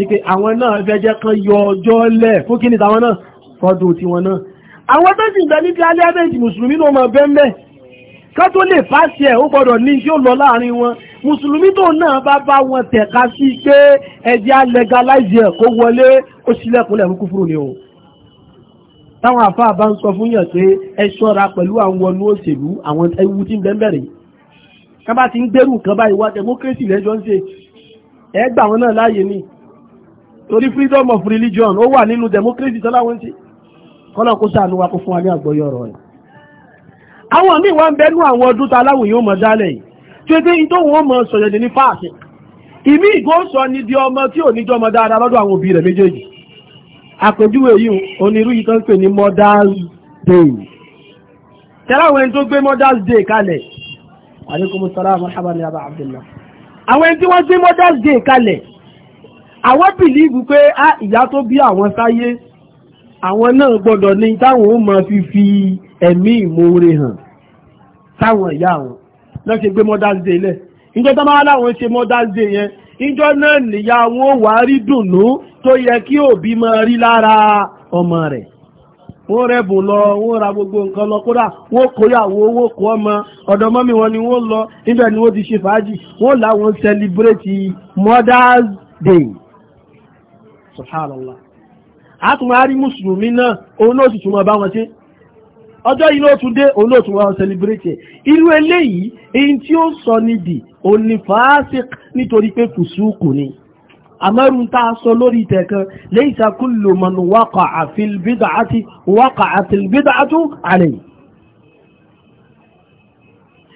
ìpè àwọn náà fẹ́ jẹ́ kan yọ ọjọ́ lẹ̀ fún kí ni tàwọn náà fọ́dún tiwọn náà àwọn tó sì bẹ níbi alẹ́ abẹ́jì mùsùlùmí ló mọ bẹ́ńbẹ́ ká tó lè fásì ẹ̀ ó gbọ́dọ̀ ní tí ó lọ láàrin wọn mùsùlùmí tó náà bá bá wọn tẹ̀ka sí pé ẹjẹ́ alẹ́galáìsì ẹ̀ kó wọlé ó sílẹ̀kùnlẹ̀ kúkú fúru ni o táwọn àfáà bá ń sọ fún yàn pé ẹ ṣọ́ra pẹ̀lú àwọn òṣèlú àwọn ewu tí ń bẹ́ńbẹ̀rẹ̀ ká bá ti ń gbẹ́rù kan báyìí wá democracy lẹ́jọ́ ń ṣe ẹ wọn náà láàyè ni torí freedom of religion ó wà nínú democracy tọ́láwọn ń ṣe kọ́lọ̀ kó sàánú wa kó fún wa ní àgbọ́yé ọ̀rọ̀ rẹ̀ àwọn míì wọ́n ń bẹnu àwọn ọdún tá aláwọ̀ yóò mọ̀ dálẹ̀ yìí tí ó dé tó wọ́n mọ̀ sọ̀yọ̀ ní fáàsì ìmí ìgò ni di ọmọ tí ò ní jọ ọmọ dáadáa lọ́dọ̀ àwọn òbí rẹ̀ méjèèjì àpèjúwe yìí onírú yìí kan pè ní mother's day tẹ́lá àwọn ẹni tó gbé mother's day kalẹ̀ aleykum salaam marhaban ya aba abdullah àwọn ẹni tí wọ́n gbé mother's day kalẹ̀ àwọn bìlíìfù pé ah, ìyá tó bí àwọn sáyé àwọn náà gbọ́dọ̀ ní táwọn ó máa fi fi ẹ̀mí ìmoore hàn táwọn ìyá àwọn náà ṣe gbé mother's day lẹ̀ ìjọ tó máa láwọn ṣe mother's day yẹn ìjọ náà nìyá wọn wà rí dùnú tó yẹ kí òbí máa rí lára ọmọ rẹ̀ wọ́n rẹ̀bùn lọ wọ́n ra gbogbo nǹkan lọ kódà wọ́n owó kó ọmọ ọ̀dọ̀ ni wọ́n lọ níbẹ̀ a tún máa rí mùsùlùmí náà òun náà sì tún máa bá wọn ṣe ọjọ́ yìí ló tún dé òun náà tún wọn celebrate irú eléyìí èyí tí ó sọ nídìí òun ni fàásìk nítorí pé fùsùkù ni àmọ́rù tá a sọ lórí ìtẹ̀kan laysa kullu man waqa'a fil bid'ati waqa'at al bid'atu alayhi.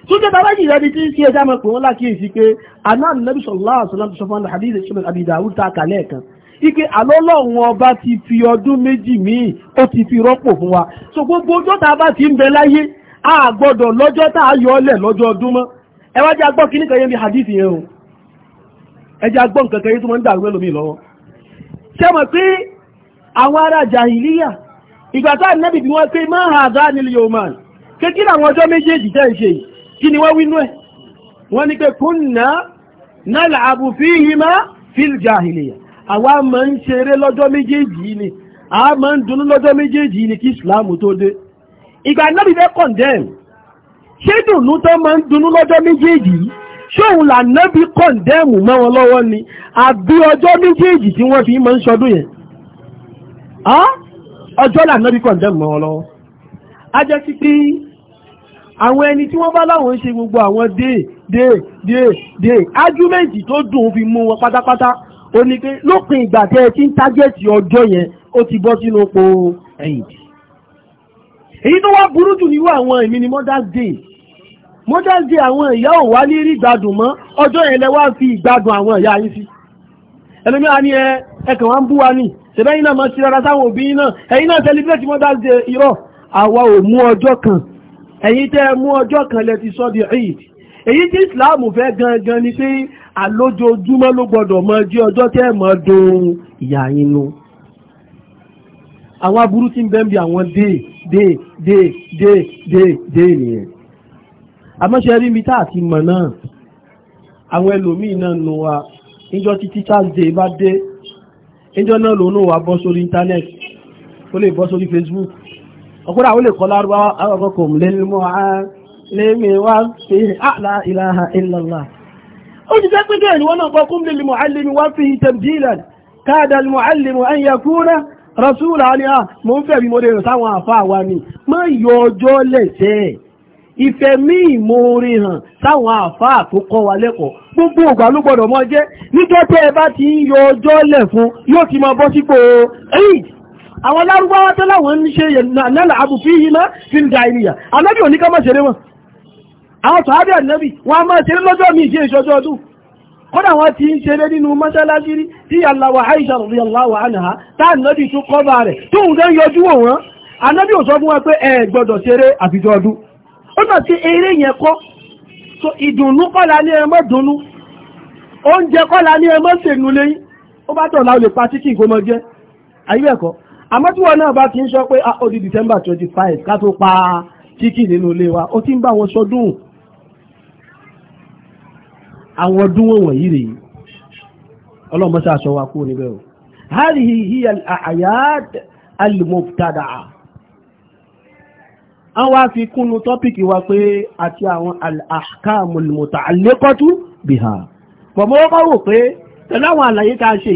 tún jẹ́ tàbájì rẹ̀ tí sí ẹjá mọ̀ pé wọ́n lákìí sí pé sallallahu alaihi wasallam tó sọ fún àdìsí ṣẹlẹ̀ àbìdàwù tá a ike àlọ́lọ́run ọba ti fi ọdún méjì míì ó ti fi rọ́pò fún wa so gbogbo ọjọ́ tá a bá ti ń bẹ láyé a gbọ́dọ̀ lọ́jọ́ tá a yọ ọlẹ̀ lọ́jọ́ ọdún mọ́ ẹ wá jẹ́ agbọ́n kíníkan yẹn bí hadith yẹn o ẹ jẹ́ agbọ́n kankan yẹn tó máa ń dàrú ẹlòmíì lọ́wọ́ ṣé mọ̀ pé àwọn ará jàhìlíyà ìgbà tá ànábì bí wọ́n pé máa hà dá nílé yòómà kékeré àwọn ọjọ́ méjèèjì tẹ́ ń ṣe kí ni wọ́n wí ẹ̀ wọ́n ní pé kúnnà nal'abu fihima fil jahiliya àwa máa ń ṣeré lọ́jọ́ méjèèjì ni àwa máa ń dunnú lọ́jọ́ méjèèjì ni kí ìsìláàmù tó dé ìgbà nábì fẹ́ condemn ṣé dùnú tó máa ń dunnú lọ́jọ́ méjèèjì ṣóun là nábì condemn mọ́ wọn lọ́wọ́ ni àbí ọjọ́ méjèèjì tí wọ́n fi máa ń ṣọdún yẹn ọjọ́ là nábì condemn mọ́ wọn lọ́wọ́ a jẹ́ sí pé àwọn ẹni tí wọ́n bá láwọn ń ṣe gbogbo àwọn dé dé dé dé argument tó dùn fi mú wọn pátápátá ó ní pé lópin ìgbà tẹ́ ẹ ti ń tágẹ́ẹ̀tì ọjọ́ yẹn ó ti bọ́ sínú po ẹ̀yìn. èyí tó wá burú jù nírú àwọn èmi ni mother's day mother's day àwọn ìyá ò wá ní rí ìgbádùn mọ́ ọjọ́ yẹn lẹ wá fi ìgbádùn àwọn ìyá yín sí. ẹlẹ́mi wa ni ẹ ẹ kàn wá ń bú wa ni ṣẹ̀bẹ́ náà máa ń rárá sáwọn òbí yín náà ẹ̀yin náà celebrate mother's day irọ́ àwa ò mú ọjọ́ kan ẹ̀yin tẹ́ ẹ mú ọjọ́ kan lẹ ti sọ́ di eid èyí tí islam fẹ́ gangan ni pé àlójoojúmọ́ ló gbọ́dọ̀ mọ jí ọjọ́ tẹ́ mọ́ dùn ìyá yín nu àwọn aburú tí ń bẹ́ẹ̀ bí àwọn dé dé dé dé dé dé nìyẹn àmọ́ṣe rí mi tá àti mọ̀ náà àwọn ẹlòmíì náà nu wa níjọ́ tí teachers day bá dé níjọ́ náà lòun náà wà bọ́ sórí internet ó lè bọ́ sórí facebook ọ̀pọ̀ àwọn lè kọ́ lárúbáwá àwọn ọkọ̀ kò lẹ́nu mọ́ àá ah, lèmi wá fi àlà ìlàhà ìlàlá ó ti jẹ́ pé bẹ́ẹ̀ ni wọ́n náà kọ́ kúndé lè mọ̀álìmù wá fi tẹ̀bdìlà káàdà lè mọ̀álìmù ẹ̀yìn ẹ̀kúnrẹ́ rasúlà ni a ah, mò ń fẹ̀mí mo lè rìn sáwọn àfa wa ni má yọ ọjọ́ lẹ̀sẹ̀ ìfẹ́ míì mo rí hàn sáwọn àfa tó kọ́ wa lẹ́kọ̀ọ́ gbogbo ògbà ló gbọ́dọ̀ mọ jẹ́ níjọ́ ẹ bá ti ń yọ ọjọ́ lẹ̀ fún yóò ti máa bọ́ sípò àwọn lárúbáwá tó láwọn ń ṣe nàlà àbùfíhìmá fi ń da ènìyàn alábì òní ká má ṣeré wọn àwọn tọ́hábí ànábì wọn a máa ṣeré lọ́jọ́ mi ìṣe ìṣọ́jọ́ ọdún kọ́nà wọn ti ń ṣeré nínú mọ́ṣáláṣí tí aláwọ̀ Aisha radiyallahu anha tá ànábì kọ́bà rẹ̀ tó gẹ́ sọ ẹ yẹn so ẹ̀kọ́ àmọ́ náà bá ti ń sọ pé ah, ó di December twenty ká tó pa nínú ilé wa ó ti ń bá wọn sọdún àwọn ọdún wọ̀n yìí rèé ọlọ́run mọ́sá aṣọ wa kúrò níbẹ̀ o hàríhì hiya al-a'yad al-mubtada'a a wá fi kúnnú tọ́pìkì wa pé àti àwọn al-ahkamu al-muta'alliqatu biha fọ̀mọ́wọ́kọ́ pé tẹ̀lé àlàyé tá ṣe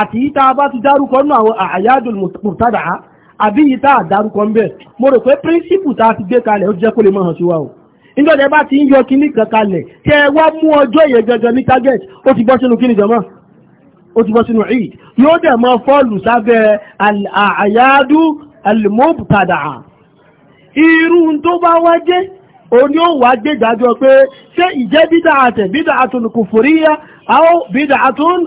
àti yìí bá ti dárúkọ nú àwọn a'yad al-mubtada'a àbí yìí dárúkọ ń bẹ̀ mo rò pé píríncípù tá ti gbé kalẹ̀ ó jẹ́ kó lè máa hàn sí wa o níjọ́ tẹ bá ti ń yọ kíní kankanlẹ̀ tẹ wá mú ọjọ́ yẹn gangan ní target ó ti bọ́ sínú kíní jọmọ́ ó ti bọ́ sínú eid yóò dẹ̀ mọ fọ́ọ̀lù sábẹ́ àyádú alimobtada irú tó bá wá jẹ́ òun ni ó wá gbé dájọ́ pé ṣé ìjẹ́ bídà àtẹ̀ bídà àtún kùfùríyà àwọn bídà àtún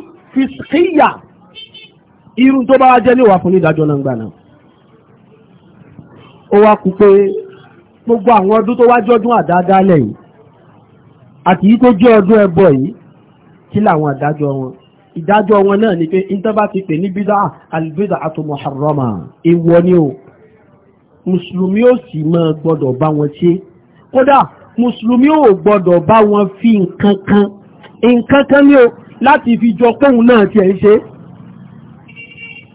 gbogbo àwọn ọdún tó wájú ọdún àdáadáalẹ̀ yìí àti yìí tó jẹ́ ọdún ẹbọ yìí kí làwọn àdájọ́ wọn ìdájọ́ wọn náà ni pé ìtọ́bá ti pè ní bídá àlùbídà àti muharrama èèwọ̀ ni o mùsùlùmí ò sì máa gbọ́dọ̀ bá wọn ṣe kódà mùsùlùmí ò gbọ́dọ̀ bá wọn fi nǹkan kan nǹkan kan ni o láti fi jọ póun náà tiẹ̀ ń ṣe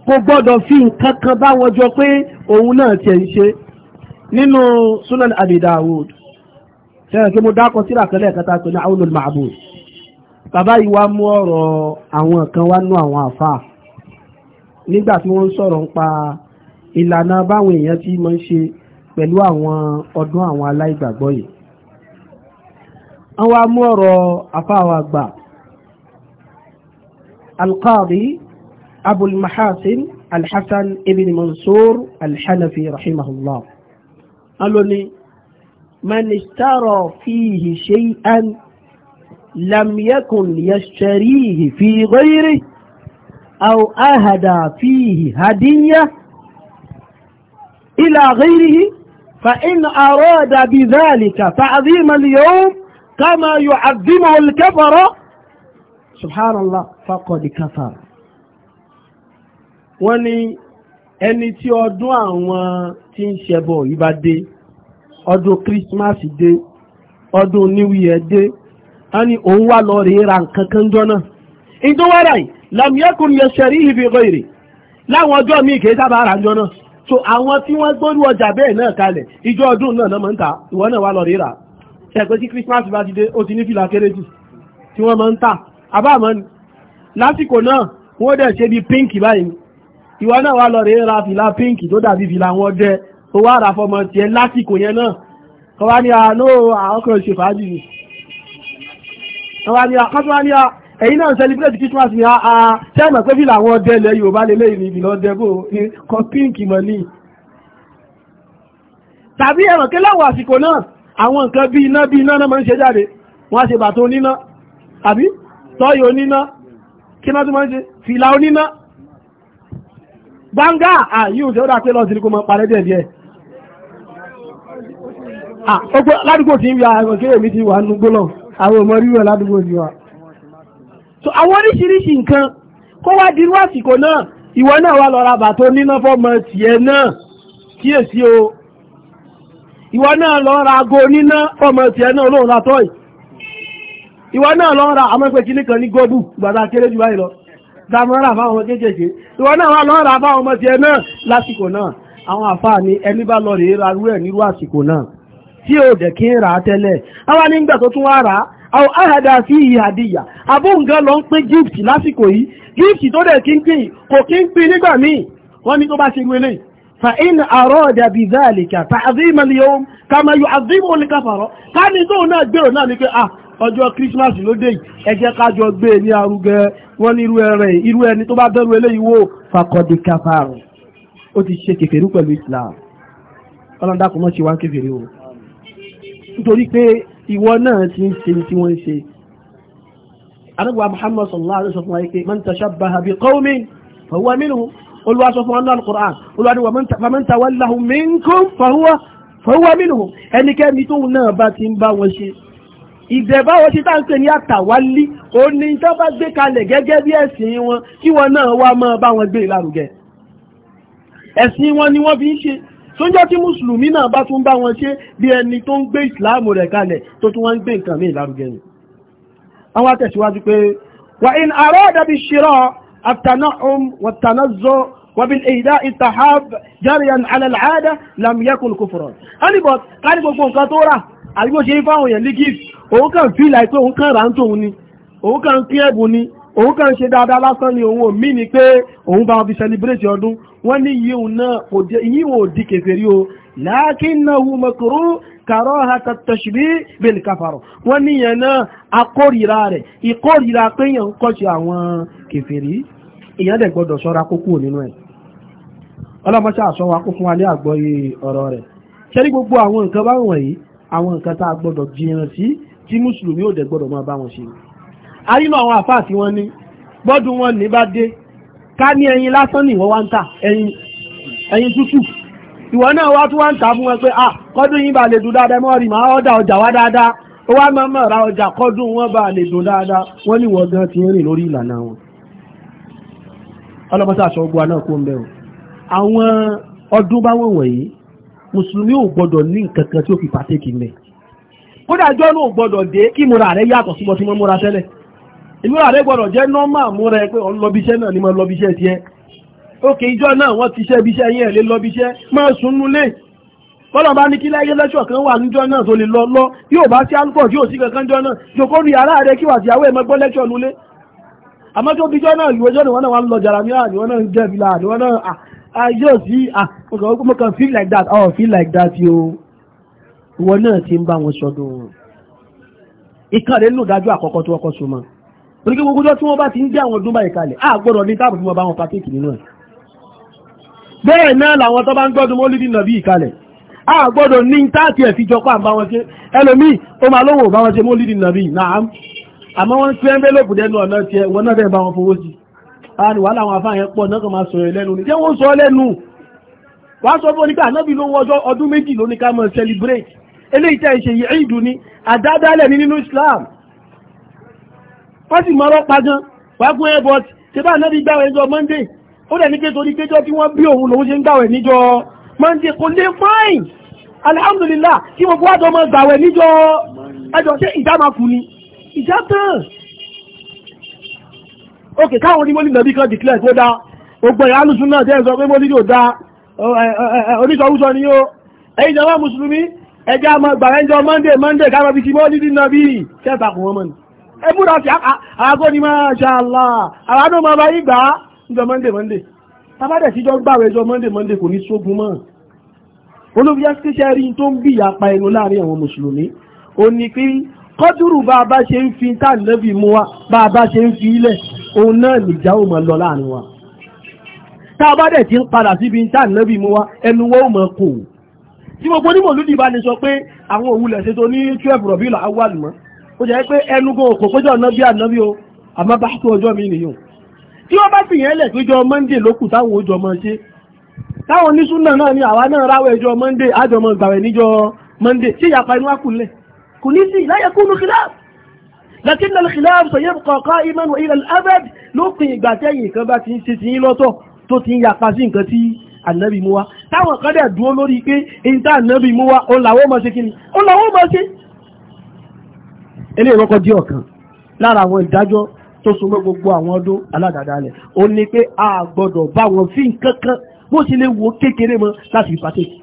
kò gbọ́dọ̀ fi nǹkan kan bá wọn jọ pé òun náà tiẹ̀ ń ṣe nínú sunan abi dawud sẹ́yìn kí mo dákọ̀ síra kẹlẹ́ kẹta tó ní àwọn ma'bud bàbá yìí wá mú ọ̀rọ̀ àwọn kan wá nú àwọn àfà nígbà tí wọ́n ń sọ̀rọ̀ ń pa ìlànà báwọn èèyàn tí mọ́ ṣe pẹ̀lú àwọn ọdún àwọn aláìgbàgbọ́ yìí wọ́n wá ọ̀rọ̀ àfà gbà alqadi abul alhassan ibn mansur alhanafi rahimahullah قالوا لي من اشترى فيه شيئا لم يكن يشتريه في غيره او اهدى فيه هدية الى غيره فان اراد بذلك تعظيم اليوم كما يعظمه الكفر سبحان الله فقد كفر ولي ẹni tí ọdún àwọn tí ń ṣẹbọ yìí dé ọdún Christmas dé ọdún New Year dé a ní òun wá lọ rèé ra nǹkan kan jọ́nà ìdúnwárà yìí làmìẹ́kùn yẹn ṣẹ̀rí ibi rèrè láwọn ọjọ́ míì kì í sábà rà jọ́nà so àwọn tí wọ́n gbórí ọjà bẹ́ẹ̀ náà kalẹ̀ ìjọ ọdún náà náà máa ń ta ìwọ náà wá lọ rèé rà ẹ̀pẹ́ tí Christmas bá ti dé ó ti ní fìlà kéré jù tí wọ́n máa ń ta àbámọ́ ni lásìkò náà wọ́n dẹ̀ ṣe bí pink báyìí ìwọ náà wá lọ rèé ra fìlà pínkì tó dàbí fìlà wọn jẹ tó wá ra fọmọ tiẹ̀ lásìkò yẹn náà kọ́ wá ní àánú àwọn kan ṣe fàájì ni kọ́ wá ní àánú ẹ̀yin náà celebrate Christmas ni àà sẹ́mọ̀ pé fìlà àwọn ọdẹ ilẹ̀ Yorùbá lélẹ̀ ìrìn ìbìlọ̀ dẹ́bò ní kan pink money tàbí ẹ̀ràn kí láwọn àsìkò náà àwọn nǹkan bí iná bí iná náà máa ń ṣe jáde wọ́n á ṣe bàtà oníná tàbí tọ́yì oníná kí náà tún máa ń ṣe fìlà oníná gbangá àyíò ah, tí ó dá pé lọ sílùkù mọ́ parẹ́ díẹ̀ díẹ̀ ah, ládùúgbò tí ń ya ọ̀gẹ́rẹ́ mi ti wà nù gbọ́nà àwọn ọmọ rírọ̀ ládùúgbò ti wà. so àwọn oríṣiríṣi nǹkan kó wá dirú àsìkò náà ìwọ náà wà lọ ra bàtó níná fọmọ tiẹ̀ náà kíyèsí o ìwọ náà lọ ra ago níná fọmọ tiẹ̀ náà olóhùn ra tọ́ì ìwọ náà lọ ra àwọn ẹgbẹ́ kìnnìkan ní gọ́bù gbàdá kéré jù báyìí lọ dámọ́ra fáwọn kéékèèké ìwọ náà wà lọ́ọ́ ra fáwọn ọmọ tiẹ̀ náà lásìkò náà àwọn àfáà ni ẹni bá lọ rèé ra rú ẹ̀ nírú àsìkò náà tí ò dẹ̀ kí ń rà á tẹ́lẹ̀ àwa nígbà tó tún wá rà á àhàdà sí lọ ń pín gift lásìkò yìí gift tó dẹ̀ kí ń pín kò kí ń pín nígbà míì wọ́n ní tó bá ṣe wé fa in àrọ́ọ̀dà bí záàlìkà tààzí ìmọ̀lẹ́yọ́ kàmáyọ̀ àzímọ̀ olùkàfàrọ̀ ká ní tóun náà gbèrò náà ní pé ah ọjọ́ Christmas ló dé ẹ jẹ́ kájọ gbé e ní arugẹ wọ́n ní irú ẹrẹ irú ẹni tó bá dẹ́rù eléyìí wò fakọ̀dé kafar ó ti ṣe kèfèrí pẹ̀lú Islam ọlọ́dà kò ṣe wá kèfèrí o nítorí pé ìwọ náà ti ń ṣe tí wọ́n ń ṣe anagba Muhammad sallallahu alaihi wa sallam ayike man tashabbaha bi qawmin fa huwa minhum olúwa sọ fún ọ́nà al-Qur'an olúwa ni wa man tawallahum minkum fa huwa minhum ẹnikẹ́ni tóun náà bá ti ń bá wọn ìdẹ̀báwọ̀ títà ń pè ní àtàwálí ó ní tó bá gbé kalẹ̀ gẹ́gẹ́ bí ẹ̀sìn wọn kí wọn náà wá máa bá wọn gbé ìlàrúgẹ ẹ̀sìn wọn ni wọ́n fi ń ṣe sójọ́ tí mùsùlùmí náà bá tún bá wọn ṣe bí ẹni tó ń gbé ìsìláàmù rẹ̀ kalẹ̀ tó tún wọ́n ń gbé nǹkan mí ìlàrúgẹ ni àwọn àbí bó ṣe ń fáwọn èèyàn ní òun kàn fi ìlà pé òun kàn rà ń tòun ni òun kàn kí ẹ̀bùn ni òun kàn ṣe dáadáa lásán ni òun ò mí ni pé òun bá wọn fi celebrate ọdún wọ́n ní yíhun náà kò di kèfèrí o lakinnahu makru karahata tashbih bil wọ́n níyẹn náà rẹ̀ yẹn àwọn ìyẹn dẹ̀ gbọ́dọ̀ nínú ẹ̀ ọlọ́mọṣẹ́ àṣọ wa kó fún wa àwọn nǹkan tá a gbọ́dọ̀ jìyàn sí tí mùsùlùmí ò dẹ̀ gbọ́dọ̀ máa bá wọn ṣe. a rí mọ àwọn àfáà tí wọ́n ní gbọ́dún wọn ní bá dé ká ní ẹyin lásán ní ìwọ wá ń tà ẹyin tútù ìwọ náà wá tún wá ń tà fún wọn pé ah kọ́dún yín bá lè dùn dáadáa mọ́ rí màá ọ̀dà ọjà wá dáadáa ó wá máa mọ̀ ra ọjà kọ́dún wọn bá lè dùn dáadáa wọ́n ní wọ́n gan ti ń rìn lórí ìlànà wọn. ọlọ́mọ sáà sọ gbogbo àná kó ń bẹ̀ àwọn ọdún báwọn wọ̀nyí mùsùlùmí ò gbọdọ̀ ní nǹkan kan tí ó fi pàtẹ́kì mẹ́ kódà ìjọ náà ò gbọdọ̀ dé kí múra rẹ yàtọ̀ sí bọ́sí múra tẹ́lẹ̀ ìmúra rẹ gbọdọ̀ jẹ́ nọ́mà múra ẹ pé ọ̀n lọ́bíṣẹ́ náà ni mo lọ́bíṣẹ́ tiẹ́ òkè ìjọ náà wọ́n ti ṣẹ́ ibiṣẹ́ yẹn lé lọ́bíṣẹ́ máa sùn nulẹ̀ kọ́lọ̀ bá ní kí láyé lẹ́ṣọ̀ kan wà níjọ náà tó lè lọ lọ yóò bá sí alcohol yóò sí kankan jọ náà jòkó rí ara rẹ kí wà sí àwẹ̀ mọ́gbọ́ lẹ́ṣọ̀ nulẹ̀ àmọ́ tó bíjọ́ náà ìwé jọ́ ni wọ́n náà wà ń lọ jàrá ní àná wọ́n náà ń jẹ́ fìlà ni wọ́n náà I just feel ah, ah mo kàn feel like that oh feel like that yo ìwọ náà ti ń bá wọn sọdún wọn ìkànnì nù dájú àkọ́kọ́ tí wọ́n kọ́ so mọ́ oníkí gbogbo ọjọ́ tí wọ́n bá ti ń gbé àwọn ọdún báyìí kalẹ̀ á gbọ́dọ̀ ní táàbù fún ọba àwọn pàtẹ́kì nínú ẹ̀ bẹ́ẹ̀ náà làwọn tó bá ń gbọ́dún mọ́lì nínú bí ìkalẹ̀ á gbọ́dọ̀ ní táàtì ẹ̀ fi jọpọ̀ àbá wọn ṣe ẹlòmíì ó máa lóhùn bá wọn ṣe mọ́lì nínú bí náà àmọ́ wọ́n ń pẹ́ ń bẹ́lòpù dẹnu ọ̀nà tiẹ̀ wọn náà bẹ́ẹ̀ bá wọn fowó sí i àwọn wàhálà àwọn afáàyàn pọ̀ náà kan máa sọ̀rọ̀ lẹ́nu ní jẹ́ wọ́n sọ lẹ́nu wà á sọ fún oníkà ànábì ló ń wọjọ́ ọdún méjì ló ní ká máa celebrate eléyìí tẹ́ ìṣe yìí ìdù ni àdádálẹ̀ ní nínú Islam wọ́n sì mọ́rọ́ pa gan wà á fún ẹ bọ́t ṣe bá ànábì gbàwẹ̀ ẹjọ́ Monday ó dẹ̀ ní pé torí péjọ́ tí wọ́n bí òun lòun ṣe ń gbàwẹ̀ níjọ́ Monday kò lè fáìn alhamdulillah kí gbogbo àjọ máa gbàwẹ̀ níjọ́ ẹjọ́ ṣe ìjà máa kù ni ìjà tán òkè káwọn onímọ̀lì nàbí kan declare tó dá gbogbo ẹ̀ alùsùn náà tẹ́ ẹ̀ sọ pé mọ́lì yóò dá oníṣọ́wúṣọ́ ni yóò ẹ̀yìn jọmọ́ mùsùlùmí ẹjá gbàrẹ́jọ monday monday káwọn fi ti mọ́lì ní nàbí kẹta kùn wọ́n ẹ múra sí àgọ́ ni máa ṣe àlá àwọn àdó máa bá yí gbà á níjọ monday monday tábàdẹ̀ síjọ gbàrẹ́jọ monday monday kò ní sógun mọ́ olóbi yásíkíṣẹ́ rí tó ń bí ìyapa ẹnu láàrin àwọn mùsùlùmí ó ní pé kọ́dúrù bá a bá ṣe ń fi tá ànábì mú wa bá a bá ṣe ń fi ilẹ̀ òun náà nìjà ó mọ̀ lọ láàrin wa tá a bá dẹ̀ ti ń padà síbi tá à nẹ́bì mú wa ẹnu wọn ó kò tí mo gbóní mòlúdì bá ní sọ pé àwọn òwúlẹ̀ ṣe tó ní twelve rọ̀bí là áwà lùmọ́ ó jẹ́ pé ẹnu gan òkò kójọ́ ànábì ànábì o àmọ́ bá monday lókù táwọn ni àwa monday àjọmọ̀ gbàwẹ̀ níjọ́ monday tí ìyapa inú wa kò ní sí ìláyẹ̀kúnú kìláàsì لكن الخلاف سيبقى قائما وإلى الأبد لقي باتي كبات سيسين لوتو توتين يقاسين كتي النبي موا تاوى قد أدوى لوري كي انت النبي موا أولا وما سكين أولا وما سكين eléyìí kọ́kọ́ dí ọ̀kan lára àwọn ìdájọ́ tó so mọ́ gbogbo àwọn ọdún aládàádálẹ̀ ó ní pé a gbọ́dọ̀ bá wọn fi nǹkan kan bó ṣe lè wo mọ́ láti pàtẹ́kì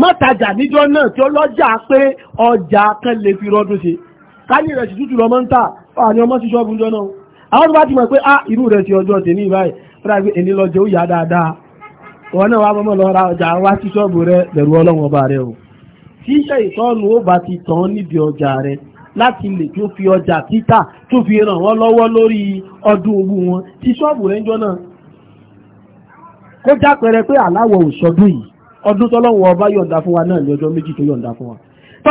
má tajà níjọ́ náà tí pé ká ní ìrẹsì tútù lọ́mọ ń tà àní ọmọ sí ṣọ́ọ̀bù ńjọ náà àwọn tó bá ti mọ̀ pé ah irú ìrẹsì ọjọ́ tèmi báyìí fúnra pé èmi lọ jẹ́ ó yá dáadáa wọn náà wá mọ́mọ́ lọ ra ọjà wá sí ṣọ́ọ̀bù rẹ bẹ̀rù ọlọ́run ọba rẹ o tí ṣe ìtọ́nu ti tàn níbi ọjà rẹ láti lè tó fi ọjà títà tó fi ràn wọ́n lọ́wọ́ lórí ọdún owó wọn ọba yọ̀ǹda fún wa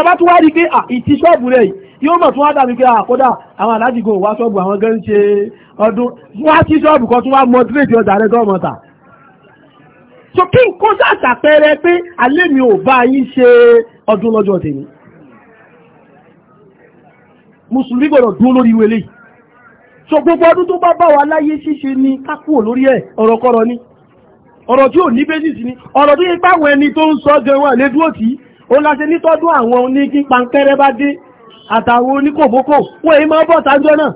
náà yóò mọ̀ tún wá dàbí pé àkódà ah, àwọn alájìgò wá ṣọ́ọ̀bù àwọn gẹ́ ń ṣe ọdún wá sí ṣọ́ọ̀bù kan tún wá mọ dírèdì ọjà rẹ gọ́ọ̀mọ̀ tà so kí n kó sàṣàpẹrẹ pé alẹ́ mi ò bá yín ṣe ọdún lọ́jọ́ tèmi mùsùlùmí gbọ́dọ̀ dúró lórí ìwé lè so gbogbo ọdún tó bá bá wa láyé ṣíṣe ni kákúrò lórí ẹ̀ ọ̀rọ̀ kọ́rọ̀ ni ọ̀rọ̀ tí ò ní bẹ́sìsì ni ọ̀rọ̀ tó yẹ báwọn ẹni tó ń sọ gan wà lé ó láṣẹ nítọ́dún àwọn oníkí pankẹ́rẹ́ bá dé àtàwọn oníkòbókò wọ́n èyí máa bọ̀ tàjọ́ náà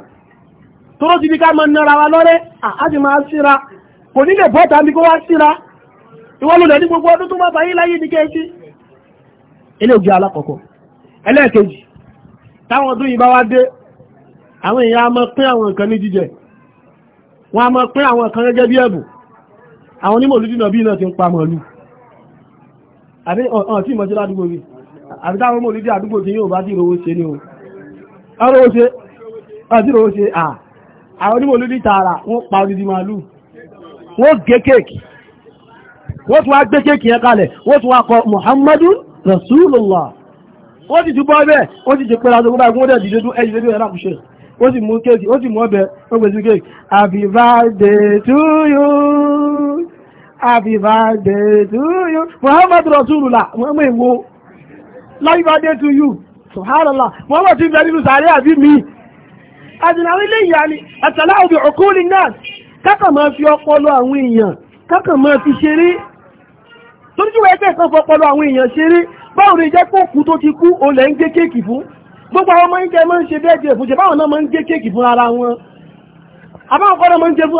tó ló ti di ká máa nara wa lọ́rẹ́ àti máa síra kò ní lè bọ́ tàbí kó wá síra ìwọ́lùlẹ̀ ní gbogbo ọdún tó máa báyé láyé ní kéèkì ilé ògbé alákọ̀ọ́kọ́ ẹlẹ́ẹ̀kejì táwọn ọdún yìí bá wá dé àwọn èèyàn a máa pín àwọn nǹkan ní jíjẹ wọn a máa pín àwọn nǹkan gẹ́gẹ́ bí ẹ̀bùn àwọn onímọ̀ olùdínà bí náà ti ń pa mọ̀lú àbí ọ̀hún tí ìmọ̀ sí ládùúgbò yìí àti táwọn ọmọ olùdí àdúgbò tí yóò bá ti rówó ṣe ni o ọrọ̀ ṣe àti rówó ṣe à àwọn onímọ̀ olùdí tààrà wọ́n pa odidi màálù wọ́n gé kéèkì wọ́n tún wá gbé kéèkì yẹn kalẹ̀ wọ́n tún wá kọ Muhammadu Rasulullah wọ́n ti tún bọ́ bẹ́ẹ̀ wọ́n ti ti pẹ́ra ọdún gbọ́dọ̀ gbọ́dọ̀ dìde tún ẹ̀yìn lébí ẹ̀rọ àkùṣe ó sì mú kéèkì ó sì mú ọbẹ̀ ó gbèsè kéèkì happy birthday to you happy birthday to you Muhammadu Rasulullah mọ́ ìwo life adé to you subhanallah muhammad ti bẹ nínú sàárẹ̀ àbí mi àdìnàwí lè yà ni àtàlà òbí ọkùnrin náà kákà máa fi ọpọlọ àwọn èèyàn kákà máa fi ṣeré torí jíwọ ẹgbẹ́ kan fọpọlọ àwọn èèyàn ṣeré báwo lè jẹ́ pòkú tó ti kú olè ń gé kéèkì fún gbogbo àwọn ọmọ ìjẹ máa ń ṣe bẹ́ẹ̀ jẹ fún ṣe báwọn náà máa ń gé kéèkì fún ara wọn àbáwọn kọ́ náà máa ń jẹ fún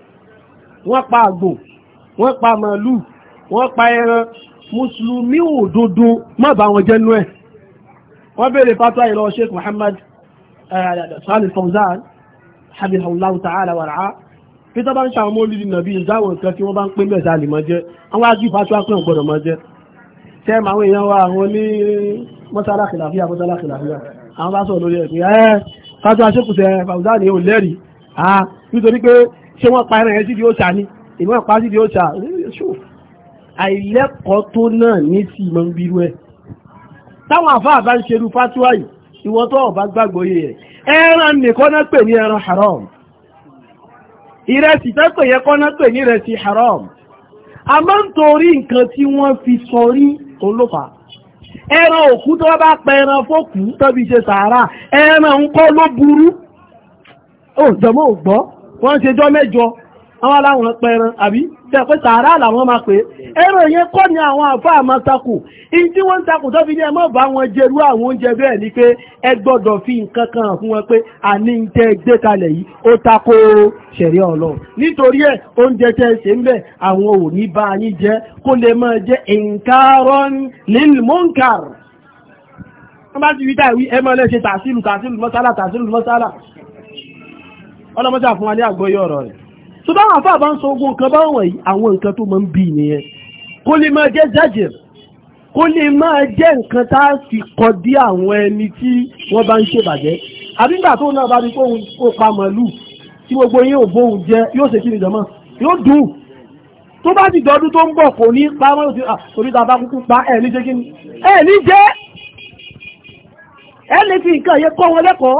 wọ́n pa àgbò wọ́n pa màálù wọ́n pa ẹran mùsùlùmí òdodo má bá wọn jẹ́ nú ẹ̀ wọ́n béèrè fatwa ìlọ sheikh muhammad eh, salih fawzan habibullahu ta'ala wàrà peter bá ń ṣàwọn mọ́lìdì nàbí ìdáwọn nǹkan tí wọ́n bá ń pè mẹ́ta lè máa jẹ́ àwọn ajú fatwa pé ọ̀gbọ́dọ̀ máa jẹ́ tẹ́ẹ̀mù àwọn èèyàn wa àwọn ní mọ́sálà kìlàfíà mọ́sálà kìlàfíà àwọn bá sọ̀rọ̀ lórí ẹ̀ pé ẹ́ eh, fatwa ṣékùsẹ̀ fawzan yóò lẹ́rìí ah, nítorí pé ṣé wọ́n pa ẹran yẹn sí di òòṣà ni èmi wọ́n pa sí di òòṣà àìlẹ́kọ̀ọ́ tó náà ní sí ìmọ̀ ń bírú ẹ̀ táwọn àfáà bá ń ṣerú fátíwá yìí ìwọ́n tó ọ̀bá gbàgbọ́ yìí ẹ̀ ẹran nìkan náà pè ní ẹran haram ìrẹsì tẹ́pẹ̀ yẹ kọ́ náà pè ní ìrẹsì haram a máa ń torí nǹkan tí wọ́n fi sọrí olófà ẹran òkú tó bá pa ẹran fókù tọ́bi ṣe sàárà ẹran ń kọ́ ló burú ó jọmọ́ gbọ́ wọ́n ń ṣejọ́ mẹ́jọ àwọn aláwọn pẹran àbí tẹ̀pẹ́ sàárà làwọn máa pè ẹ̀rọ yẹn kọ́ ni àwọn àfáà máa takò in tí wọ́n ń takò tó fi ní ẹ má bá wọn jẹrú àwọn oúnjẹ bẹ́ẹ̀ ni pé ẹ gbọ́dọ̀ fi nǹkan kan fún wọn pé àní ń tẹ́ gbé kalẹ̀ yìí ó takò ṣẹ̀rí ọlọ́run nítorí ẹ̀ oúnjẹ tẹ́ ṣe ń bẹ̀ àwọn ò ní bá yín jẹ kó lè máa jẹ nǹkarọ́n lil munkar wọ́n bá ti rí táìwí ẹ máa lẹ́ ṣe tàṣílù mọ́sálà tàṣílù mọ́sálà ọlọ́mọ́sá fún wa ní àgbọ́yé ọ̀rọ̀ rẹ̀ tó bá wọn fà bá ń sọ ogun nǹkan báwọn yìí àwọn nǹkan tó máa ń bí nìyẹn kó lè máa jẹ́ jàjẹ̀rù kó lè máa jẹ́ nǹkan tá a fi kọ dí àwọn ẹni tí wọ́n bá ń ṣèbàjẹ́ àbí nígbà tó náà bá rí kó kó pa màálù tí gbogbo yín ò bóun jẹ yóò ṣe kí ni jọmọ yóò dùn tó bá ti dọdún tó ń bọ̀ kò ní pa mọ́ sí kí ni jẹ́ ẹ̀ fi nǹkan yẹn kọ́ wọn lẹ́kọ̀ọ́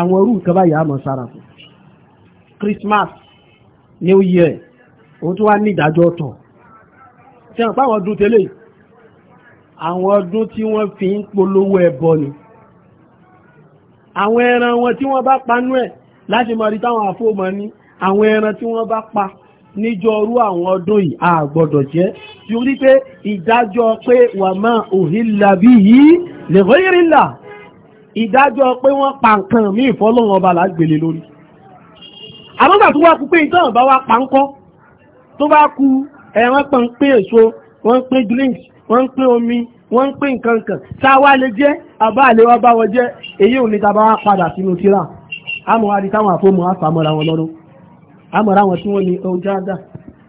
àwọn orú nǹkan báyìí á sára fún Christmas New Year òun tó wá ní ìdájọ́ ọ̀tọ̀ ṣe hàn páwọn ọdún tẹ́lẹ̀ àwọn ọdún tí wọ́n fi ń polówó ẹbọ ni àwọn ẹran wọn tí wọ́n bá panú ẹ̀ láti mọ̀ rí táwọn àfóòmọ́ ní àwọn ẹran tí wọ́n bá pa níjọrú àwọn ọdún yìí a gbọ́dọ̀ jẹ́ tí ó rí pé ìdájọ́ òhìlà bí yìí lè rí rí là ìdájọ́ pé wọ́n pa nǹkan mí ìfọ́lọ́wọ́n ọba lágbèlè lórí àmọ́gbà tó wá kú pé ìtàn bá wá pa ń kọ́ tó bá ku ẹ̀wọ́n pọ̀ ń pé èso wọ́n ń pé drinks wọ́n ń pé omi wọ́n ń pé nǹkan kan tá a wá lè jẹ́ àbá àlewá bá wọ jẹ́ èyí ò ní ta bá wá padà sínú tíra àmọ́ wá di táwọn àfọ́mọ́ àfàmọ́ra wọn lọ́rọ́ àmọ́ ra wọn tí wọ́n ní ọjà dà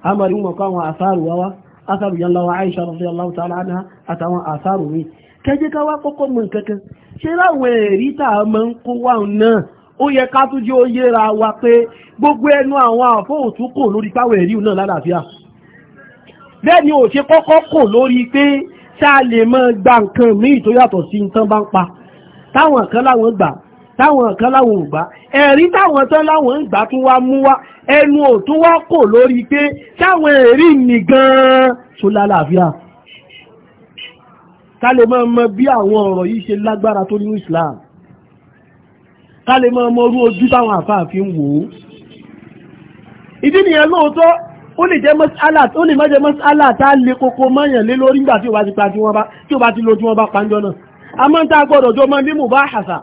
àmọ́ rí wọn kọ́ àwọn àsáàrù wá wá àsáàrù yẹn lọ́wọ́ Aisha radiyallahu ta'ala anha àtàwọn àsáàrù mi kẹjẹ ká wá kọ́kọ́ mọ̀ nǹkan kan ṣé láwọn ẹ̀rí tá a máa ń kó wà náà ó yẹ ká tún jẹ́ ó yéra wa pé gbogbo ẹnu àwọn àfọ́ òtún kò lórí táwọn ẹ̀rí náà lálàáfíà bẹ́ẹ̀ ni ò ṣe kọ́kọ́ kò lórí pé ṣá lè mọ́ gba nǹkan míì tó yàtọ̀ sí nǹkan bá ń pa táwọn kan láwọn gbà táwọn kan láwọn ò gbà ẹ̀rí táwọn tán láwọn ń gbà tún wá mú wá ẹnu òtún wá kò lórí pé ṣáwọn ẹ̀rí mi gan-an tó lálàáfíà ká lè máa mọ bí àwọn ọ̀rọ̀ yìí ṣe lágbára tó nínú Islam ká lè máa mọ orú ojú táwọn àfáàfin wò ó ìdí nìyẹn lóòótọ́ ó lè jẹ́ mọ́sálà ó lè má jẹ́ mọ́sálà tá a lè koko mọ́yàn lé lórí nígbà tí ó bá ti lo tí wọ́n bá pa náà a máa ń tá a gbọ́dọ̀ jọ mọ ní mubahasa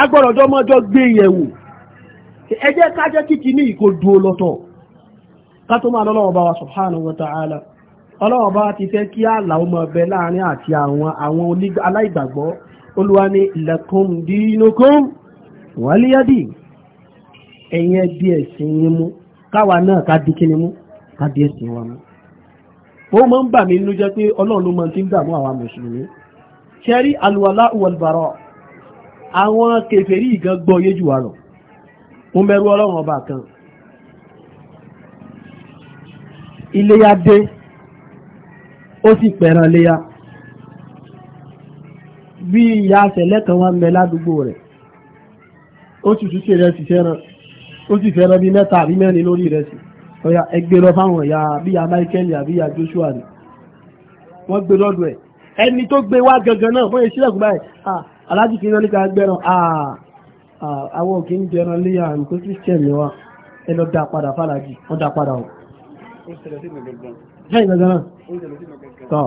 a gbọ́dọ̀ jọ mọ jọ gbé yẹ̀wò ẹ ká jẹ́ kíkiní ìkó dúró lọ́tọ̀ ká tó máa lọ́lọ́wọ́ bá wa subhanahu wa ta'ala ọlọ́wọ́ bá ti fẹ́ kí ààlà ọmọ ọbẹ̀ láàrin àti àwọn àwọn aláìgbàgbọ́ olúwa ní lakum dinukum waliyadi ẹ̀yin ẹbí ẹ̀sìn yín mú káwa náà ká di kíni mú ká di ẹ̀sìn wa mú. ó máa ń bà mí nínú jẹ́ pé ọlọ́run ló máa ti ń dààmú àwa mùsùlùmí. ṣẹ́rí alùwàlá wọlbàrọ̀ àwọn kèfèrí ìgan gbọ́ yé jù wá lọ. ó mẹ́rú ọlọ́run ọba kan. iléyà dé ó sì pẹ̀ràn ya bí ìyá àṣẹlẹ̀ kan wá ń bẹ ládùúgbò rẹ̀ ó sì tún ṣe rẹ̀ sì fẹ́ràn ó sì fẹ́ràn bí mẹ́ta àbí mẹ́rin lórí rẹ̀ sí ọ̀yà ẹgbẹ́ lọ fáwọn ìyá bí ìyá Michael àbí ìyá Joshua rẹ̀ wọ́n gbé lọ́dọ̀ ẹ̀ ẹni tó gbé wá gangan náà bóyá sílẹ̀kùn báyìí aláàjì kìí náà gbẹ́ràn àwọn òkè ń jẹran léyà nǹkan Christian ni wa ẹ lọ dá padà fàlàjì wọ́n dá padà o lẹ́yìn gangan náà tọ́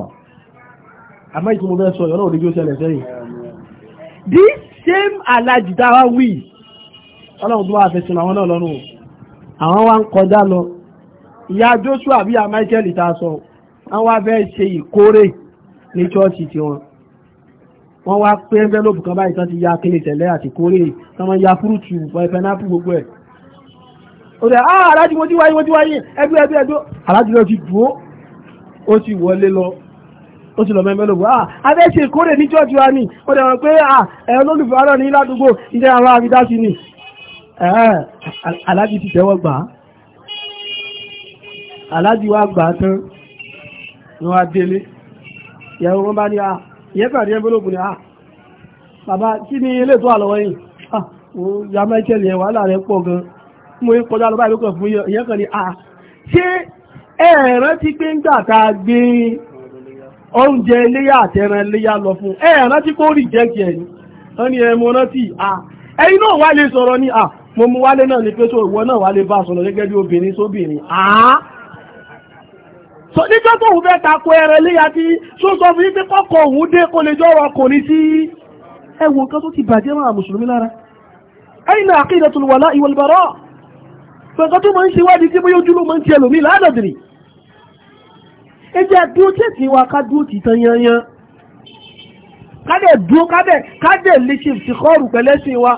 àmọ́ ìtumọ̀ bẹ́ẹ̀ sọ ìyọ́nà òde ṣẹlẹ̀ sẹ́yìn. the same alájì tá a wá wí ọlọ́run tó wà fẹsẹ̀ àwọn náà lọ́rùn àwọn wá ń kọjá lọ ìyá Joshua bí ìyá Michael ta sọ wọ́n wá fẹ́ ṣe ìkórè ní chọ́ọ̀ṣì tiwọn wọ́n wá pé envelope kan báyìí tán ti ya kílè tẹ̀lẹ́ àti kórè tán ya fúrúùtù pẹnápù gbogbo ẹ̀. ó dẹ̀ ah aláàjì mo ti wáyé mo ti ó ti wọlé lọ ó ti lọ mẹ́mẹ́ lóko ah abẹ́sẹ̀ ìkórè ní jọ́ọ̀jù wa ni ó dẹ̀ wọ́n pé ah ẹ̀rọ lólùfẹ́ ọ̀rọ̀ ní ládùúgbò ìjẹ́ àwọn àrídásí ni eh, aláàjì ti tẹ́wọ́ gbà á aláàjì wa gbà á tán ni wọ́n á délé ìyàwó wọn bá ní ah ìyẹn kàdé ẹgbẹ́ lóko ni ah bàbá kí ni eléètò àlọ́wọ́ yìí ah ya michael yẹn wàhálà rẹ̀ pọ̀ gan mo kọjá lọ báyìí lókàn fún ìyẹn kan ni ah ṣé ẹ̀ẹ̀rán ti pé ń gbà a gbé oúnjẹ iléyà àtẹran iléyà lọ fún ẹ̀ẹ̀rán tí kò rí jẹ́kì ẹ̀ wọ́n ní ẹmọ rántí à ẹ̀yin náà wá sọ̀rọ̀ ní à mo mú wálé náà ní pé tó ìwọ náà wá bá sọ̀rọ̀ gẹ́gẹ́ bí obìnrin sóbìnrin à sọ tako ẹran iléyà sọ sọ fún yín pé kọ́kọ́ òun dé kó lè sí nǹkan tó ti bàjẹ́ máa mùsùlùmí lára ẹ̀yin náà aqidatul wala wal bara pẹ̀kọ́ tó máa ti ẹlòmíì ẹ jẹ́ dúró tẹ̀sí wa ká dúró tì tán yanyan kádẹ̀ dúró kádẹ̀ kádẹ̀ lè ṣe ìfikọ́rù pẹ̀lẹ́sìn wa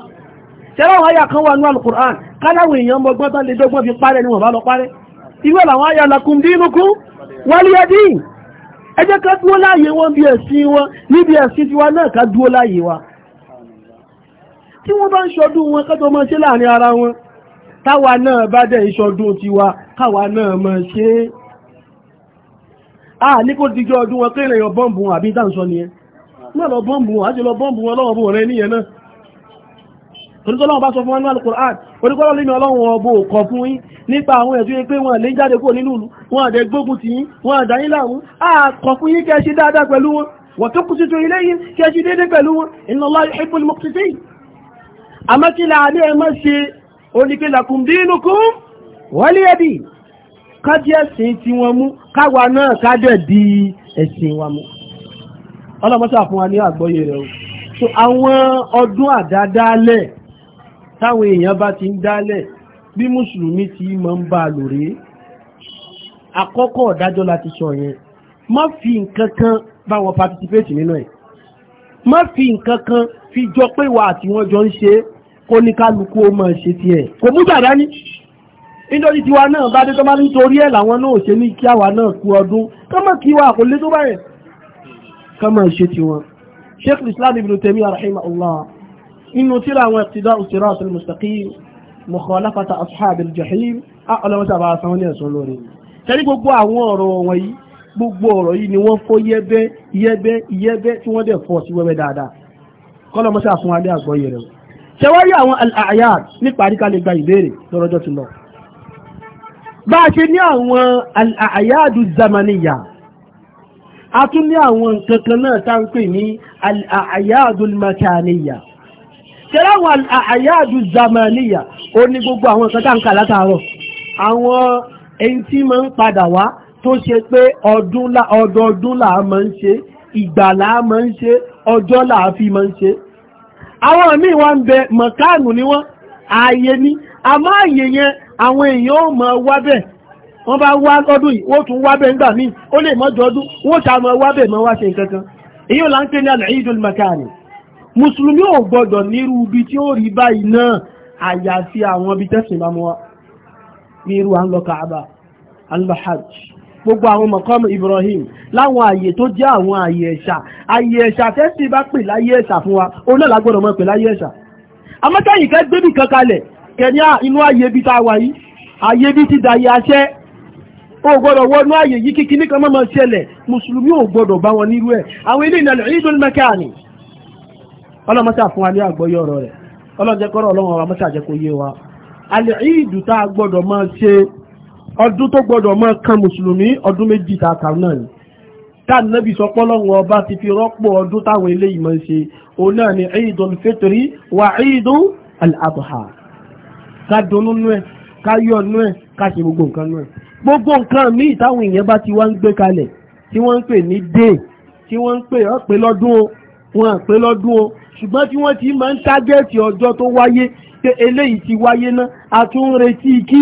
tẹ́lá àwọn àyà kan wà ní alukur'an káláwọ̀ èèyàn mọ́gbọ́n tán lè dọ́gbọ́n fi parẹ́ ni wọ́n bá lọ parẹ́ ìwé làwọn àyà lakum dinukum waliyadin ẹ jẹ́ ká dúró láàyè wọn bí ẹ̀sìn wọn níbi ẹ̀sìn tiwa náà a ah, ní kó dijọ́ ọdún wọn kéèrè yọ bọ́m̀bù wọn àbí dáǹsọ ni ẹ náà lọ bọ́m̀bù wọn àti lọ bọ́m̀bù wọn lọ́wọ́ bó rẹ níyẹn náà onítọ́lọ́wọ́ bá sọ fún wọn ní alukur'an oníkọ́lọ́ lẹ́nu ọlọ́run ọbọ̀ kọ̀ fún yín nípa àwọn ẹ̀sùn pé wọn lè jáde kúrò nínú ìlú wọn àdẹ gbógun tì yín wọn àdá ká dí ẹ̀sìn tí wọ́n mú káwa náà ká dẹ̀ di ẹ̀sìn wa mú ọlọ́mọ́sà fún wa ní àgbọ́yé rẹ̀ so àwọn ọdún àdádálẹ̀ táwọn èèyàn bá ti ń dálẹ̀ bí mùsùlùmí ti máa ń bá lòrè àkọ́kọ́ ọ̀dájọ́ láti sọ yẹn má fi nǹkan kan bá wọn participate nínú ẹ̀ má fi nǹkan kan fi jọ pé wà àti jọ ń ṣe kó ní kálukú ó máa ṣe tiẹ̀ kò mú dàdá ní nítorí tiwa náà bá dé tó máa ń torí ẹ̀ làwọn náà ṣe ní kí àwa náà kú ọdún kọ́mọ̀ kí wa kò lé tó báyẹ̀ kọ́mọ̀ ṣe tiwọn sheikh islam ibn taymiyyah rahimahullah inú tíra àwọn iqtida sirat al-mustaqim mukhalafata ashab al-jahim ọlọ́wọ́ sábà sanwó ní ẹ̀sọ́ lórí tẹ́lí gbogbo àwọn ọ̀rọ̀ wọ̀nyí gbogbo ọ̀rọ̀ yìí ni wọ́n fọ́ yẹ́bẹ́ yẹ́bẹ́ yẹ́bẹ́ tí wọ́n dẹ̀ fọ́ sí wẹ́wẹ́ dáadáa kọ́lọ́ mọ́sá fún alẹ́ àgbọ́yẹ̀ rẹ̀ àwọn àyà nípa àríkà gba ìbéèrè lọ́rọ́jọ́ ti lọ bá a ṣe ní àwọn àyáàdù zamaniya a tún ní àwọn kankan náà tá ń pè ní àyáàdù makaniya ṣẹlẹ̀ àwọn àyáàdù zamaniya ó ní gbogbo àwọn kan tá ń kà látàárọ̀ àwọn èyí tí máa ń padà wá tó ṣe pé ọdọọdún là á máa ń ṣe ìgbà là á máa ń ṣe ọjọ́ là á fi máa ń ṣe àwọn míì wá ń bẹ mọ̀káànù ni wọ́n ààyè ni àmọ́ ààyè yẹn àwọn èèyàn ò mọ̀ wá bẹ̀ wọ́n bá wá lọ́dún yìí wọ́n tún wá bẹ̀ ńgbà míì ó lè mọ́jọ ọdún wọ́n ta mọ̀ wá bẹ̀ mọ́ wá ṣe nǹkan kan èyí ò là ń pè ní al-Eidul Makani mùsùlùmí ò gbọdọ̀ nírú ibi tí ó rí báyìí náà àyàfi àwọn ibi tẹ́sìn bá mọ́ wá ní irú à ń lọ Kaaba al-Hajj gbogbo àwọn mọ̀kọ́mù Ibrahim láwọn àyè tó jẹ́ àwọn àyè ẹ̀ṣà àyè ẹ̀ṣà tẹ́sí bá pè láyé ẹ̀ṣà fún wa ó náà lágbọ́dọ̀ mọ́ pè láyé ẹ̀ṣà amọ́tẹ́yìn kẹ́ gbébì kan kalẹ̀ kẹ̀ní inú ààyè ibi tá a wà yìí ààyè ibi ti dàyè àṣẹ ó gbọ́dọ̀ wọnú ààyè yìí kí kíní kan mọ́mọ́ ṣẹlẹ̀ mùsùlùmí ò gbọ́dọ̀ bá wọn nírú ẹ̀ àwọn ilé ìnàlẹ̀ ìdún mẹ́kàánì ọlọ́mọṣà fún wa ní rẹ̀ ọlọ́jẹ́kọ́rọ̀ ọlọ́wọ́n wa ti fi rọ́pò ọdún táwọn eléyìí máa ṣe òun náà ni ìdùn fitri wà ìdùn al-adha ká dunnú nú ẹ̀ ká yọ̀ nú ẹ̀ ká ṣe gbogbo nǹkan nú ẹ̀ gbogbo nǹkan míì táwọn èèyàn bá ti wá ń gbé kalẹ̀ tí wọ́n ń pè ní day tí wọ́n ń pè ọ́ pé lọ́dún o wọn àpé lọ́dún o ṣùgbọ́n tí wọ́n ti máa ń tágẹ́ẹ̀tì ọjọ́ tó wáyé pé eléyìí ti wáyé ná a tún ń retí kí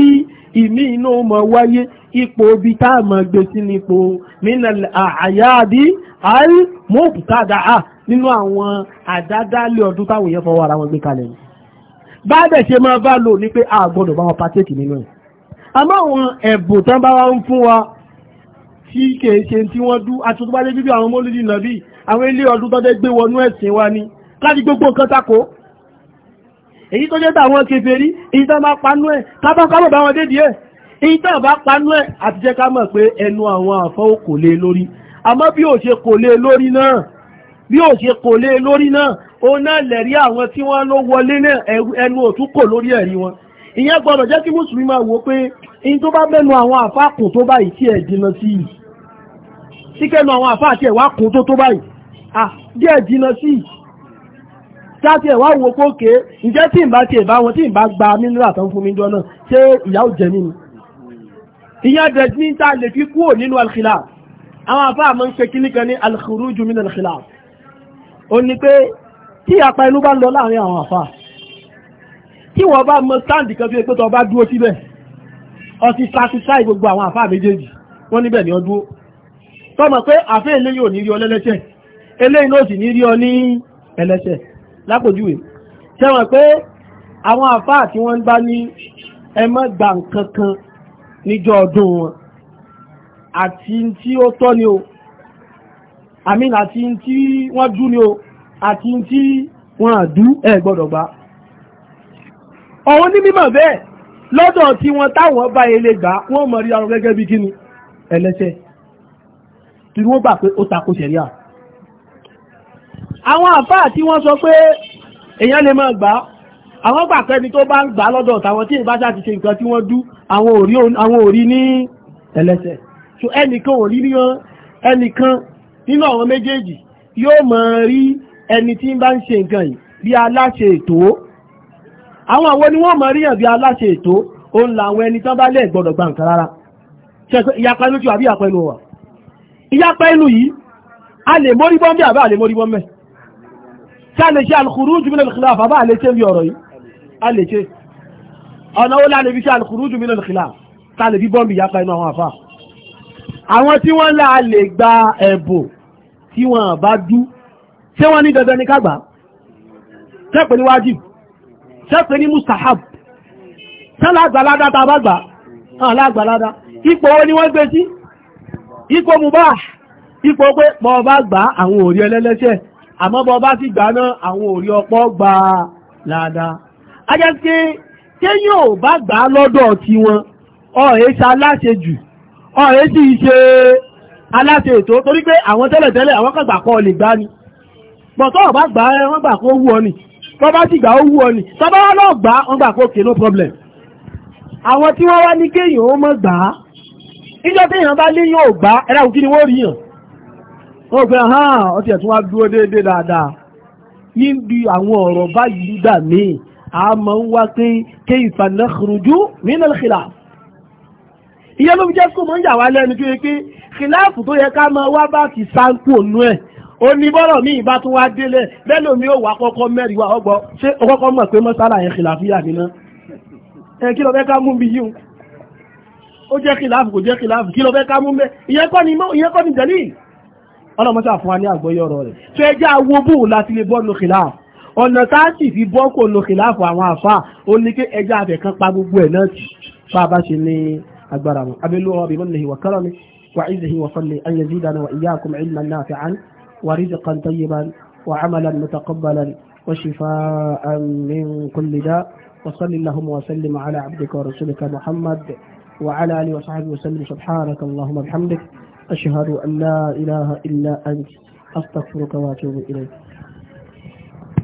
ìmí iná mọ̀ wáyé ipò ibi tá a mọ̀ gbé sí nípò minal àyáàdí al mubtadaa nínú àwọn àdádálẹ̀ ọdún táwọn èèyàn fọwọ́ ara wọn gbé kalẹ̀ yìí bá dẹ̀ ṣe máa bá lò ní pé a gbọ́dọ̀ bá wọn pàtẹ́kì nínú ẹ̀ àmọ́ àwọn ẹ̀bùn tán bá wá ń fún wa tí kèé ṣe tí wọ́n dú àtúntúbálé bíbí àwọn mólúdì nàbí àwọn ilé ọdún tó gbé wọnú ẹ̀sìn wa ni láti gbogbo nǹkan tako èyí tó jẹ́ tàwọn kèfèrí èyí tó bá panú ẹ̀ kábọ́kábọ̀ bá wọn dé díẹ̀ èyí tó bá panú ẹ̀ àti jẹ́ ká mọ̀ pé ẹnu àwọn àfọ́ kò lé lórí àmọ́ bí ò ṣe kò lé lórí náà Ona náà lẹ̀rí àwọn tí wọ́n ló wọlé náà ẹnu òtún kò lórí ẹ̀rí wọn ìyẹn gbọ́dọ̀ jẹ́ kí mùsùlùmí máa wò pé in tó bá mẹ́nu àwọn àfá kùn tó báyìí tí ẹ̀ jìnà sí i tí kẹ́nu àwọn àfá àti ẹ̀wà kùn tó tó báyìí ah díẹ̀ jìnà sí i táti ẹ̀wà wo pé òkè ǹjẹ́ tí ń bá ti ẹ̀bá wọn tí ń bá gba mínírà tán fún mi jọ náà ṣé ìyá ò jẹ nínú ìyẹn pé tí apá inú bá lọ láàrin àwọn àfà tí wọ́n bá mọ sáǹdì kan fi pé tó bá dúró síbẹ̀ ó ti satisfy àwọn àfà méjèèjì wọ́n níbẹ̀ ni ó dúró tọ́mọ̀ pé àfẹ́ eléyìí ò ní rí ọ lẹ́lẹ́sẹ̀ eléyìí náà sì ní rí ọ ní ẹlẹ́sẹ̀ lápòjúwe ṣẹ́wọ̀n pé àwọn àfà tí wọ́n ń bá ní ẹ má gba nǹkan kan níjọ́ ọdún wọn àti tí ó tọ́ ni o àmì àti tí wọ́n dú ni o àti tí wọ́n àdú ẹ̀ gbọ́dọ̀ gbà ọ̀hún ní mímọ̀ bẹ́ẹ̀ lọ́dọ̀ tí wọ́n táwọn bá ilé gbà wọ́n mọ̀ rí ọrùn gẹ́gẹ́ bí kíni ẹlẹ́ṣẹ̀ tí wọ́n gbà pé ó tako ṣẹ̀ríà àwọn àfáà tí wọ́n sọ pé èèyàn lè máa gbà àwọn gbà pé ẹni tó bá ń gbà lọ́dọ̀ tàwọn tí ìbáṣà ti ṣe nǹkan tí wọ́n dú àwọn òrí ní ẹlẹ́ṣẹ̀ so ẹnìkan òrí ní ẹnìkan nínú àwọn méjèèjì yóò máa rí ẹni tí ń bá ń ṣe nǹkan yìí bí aláṣẹ ètò àwọn àwọn ni wọ́n mọ̀ ríyàn bí aláṣẹ ètò òun làwọn ẹni tán bá lẹ̀ gbọ́dọ̀ gba nǹkan rárá ìyapa inú tí wà bí ìyapa inú wà ìyapa inú yìí a lè mórí bọ́m̀bì àbá a lè mórí bọ́m̀bẹ̀ tí a lè ṣe al-khuruj min al-khilaf àbá a lè ṣe bí ọ̀rọ̀ yìí a lè ṣe ọ̀nà ó lá lè fi ṣe al-khuruj min al-khilaf a lè fi bọ́m̀bì ìyapa inú àwọn àfà àwọn tí wọ́n lá lè gba ẹ̀bùn tí wọ́n bá dú ṣé wọ́n ní dandan ní kágbà ṣẹ́pẹ̀ ní wájib ṣẹ́pẹ̀ ní mustahab ṣẹ́lágbàládá tá a bá gbà hàn ah, lágbàládá ipò wo ni wọ́n gbé sí ipò mubah ipò pé bọ́ bá gbà àwọn òrí ẹlẹ́lẹ́ṣẹ̀ àmọ́ bọ́ bá sì gbà náà àwọn òrí ọpọ́ gbà ládàá ajá sí ṣé yóò bá gbà lọ́dọ̀ bọ̀tọ́ ọ̀bá gbà ẹ wọ́n gbà kó wú ọ nì tọ́ bá sì gbà ó wú ọ nì tọ́ bá wá náà gbà wọ́n gbà kó kè no problem àwọn tí wọ́n wá ní kéèyàn ó mọ̀ gbà á ìjọ téèyàn bá léyìn ò gbà ẹ̀rá òkú ni wọ́n rí yàn ó fẹ́ hàn ó tiẹ̀ tún wá dúró déédéé dáadáa níbi àwọn ọ̀rọ̀ báyìí dà míì a máa ń wá pé kéyìfà nakhruju min al-khilaf ìyẹn ló fi jẹ́ kó mọ̀ ń yà wá lẹ́nu tó yẹ pé kìláàfù tó yẹ ká máa wá bá ti sáńkù ó ní bọ́rọ̀ mi ìbá tún wá délẹ̀ bẹ́lò mi ó wà kọ́kọ́ mẹ́rin wa ọgbọ́ ṣé ọkọ́kọ́ mọ̀ pé mọ́sálà yẹn kìláfíà nínú ẹ kí ló fẹ́ ká mú bí yíò ó jẹ́ kìláfù kò jẹ́ kìláfù kí ló fẹ́ ká mú bẹ́ ìyẹn kọ́ ni jẹ́lì ọlọ́mọṣà fún wa ní àgbọ́yé ọ̀rọ̀ rẹ̀ tó ẹ já wo bù láti lè bọ́ ọ̀nà táàtì fi bọ́ kò lo kìláfù àwọn àfa ó ní kí ẹja àfẹ́ kan pa gbogbo ẹ̀ náà tì fún abáṣe ní agbára wọn abẹ́lú ọ̀rọ̀ bí mọ́nìyàn wà kọ́rọ̀ mi wà ìzìhìn wà fọ́nì ayé wà ìyá àkọ́mọ̀ ilẹ̀ náà fi àánú ورزقا طيبا وعملا متقبلا وشفاء من كل داء وصل اللهم وسلم على عبدك ورسولك محمد وعلى آله وصحبه وسلم سبحانك اللهم بحمدك أشهد أن لا إله إلا أنت أستغفرك وأتوب إليك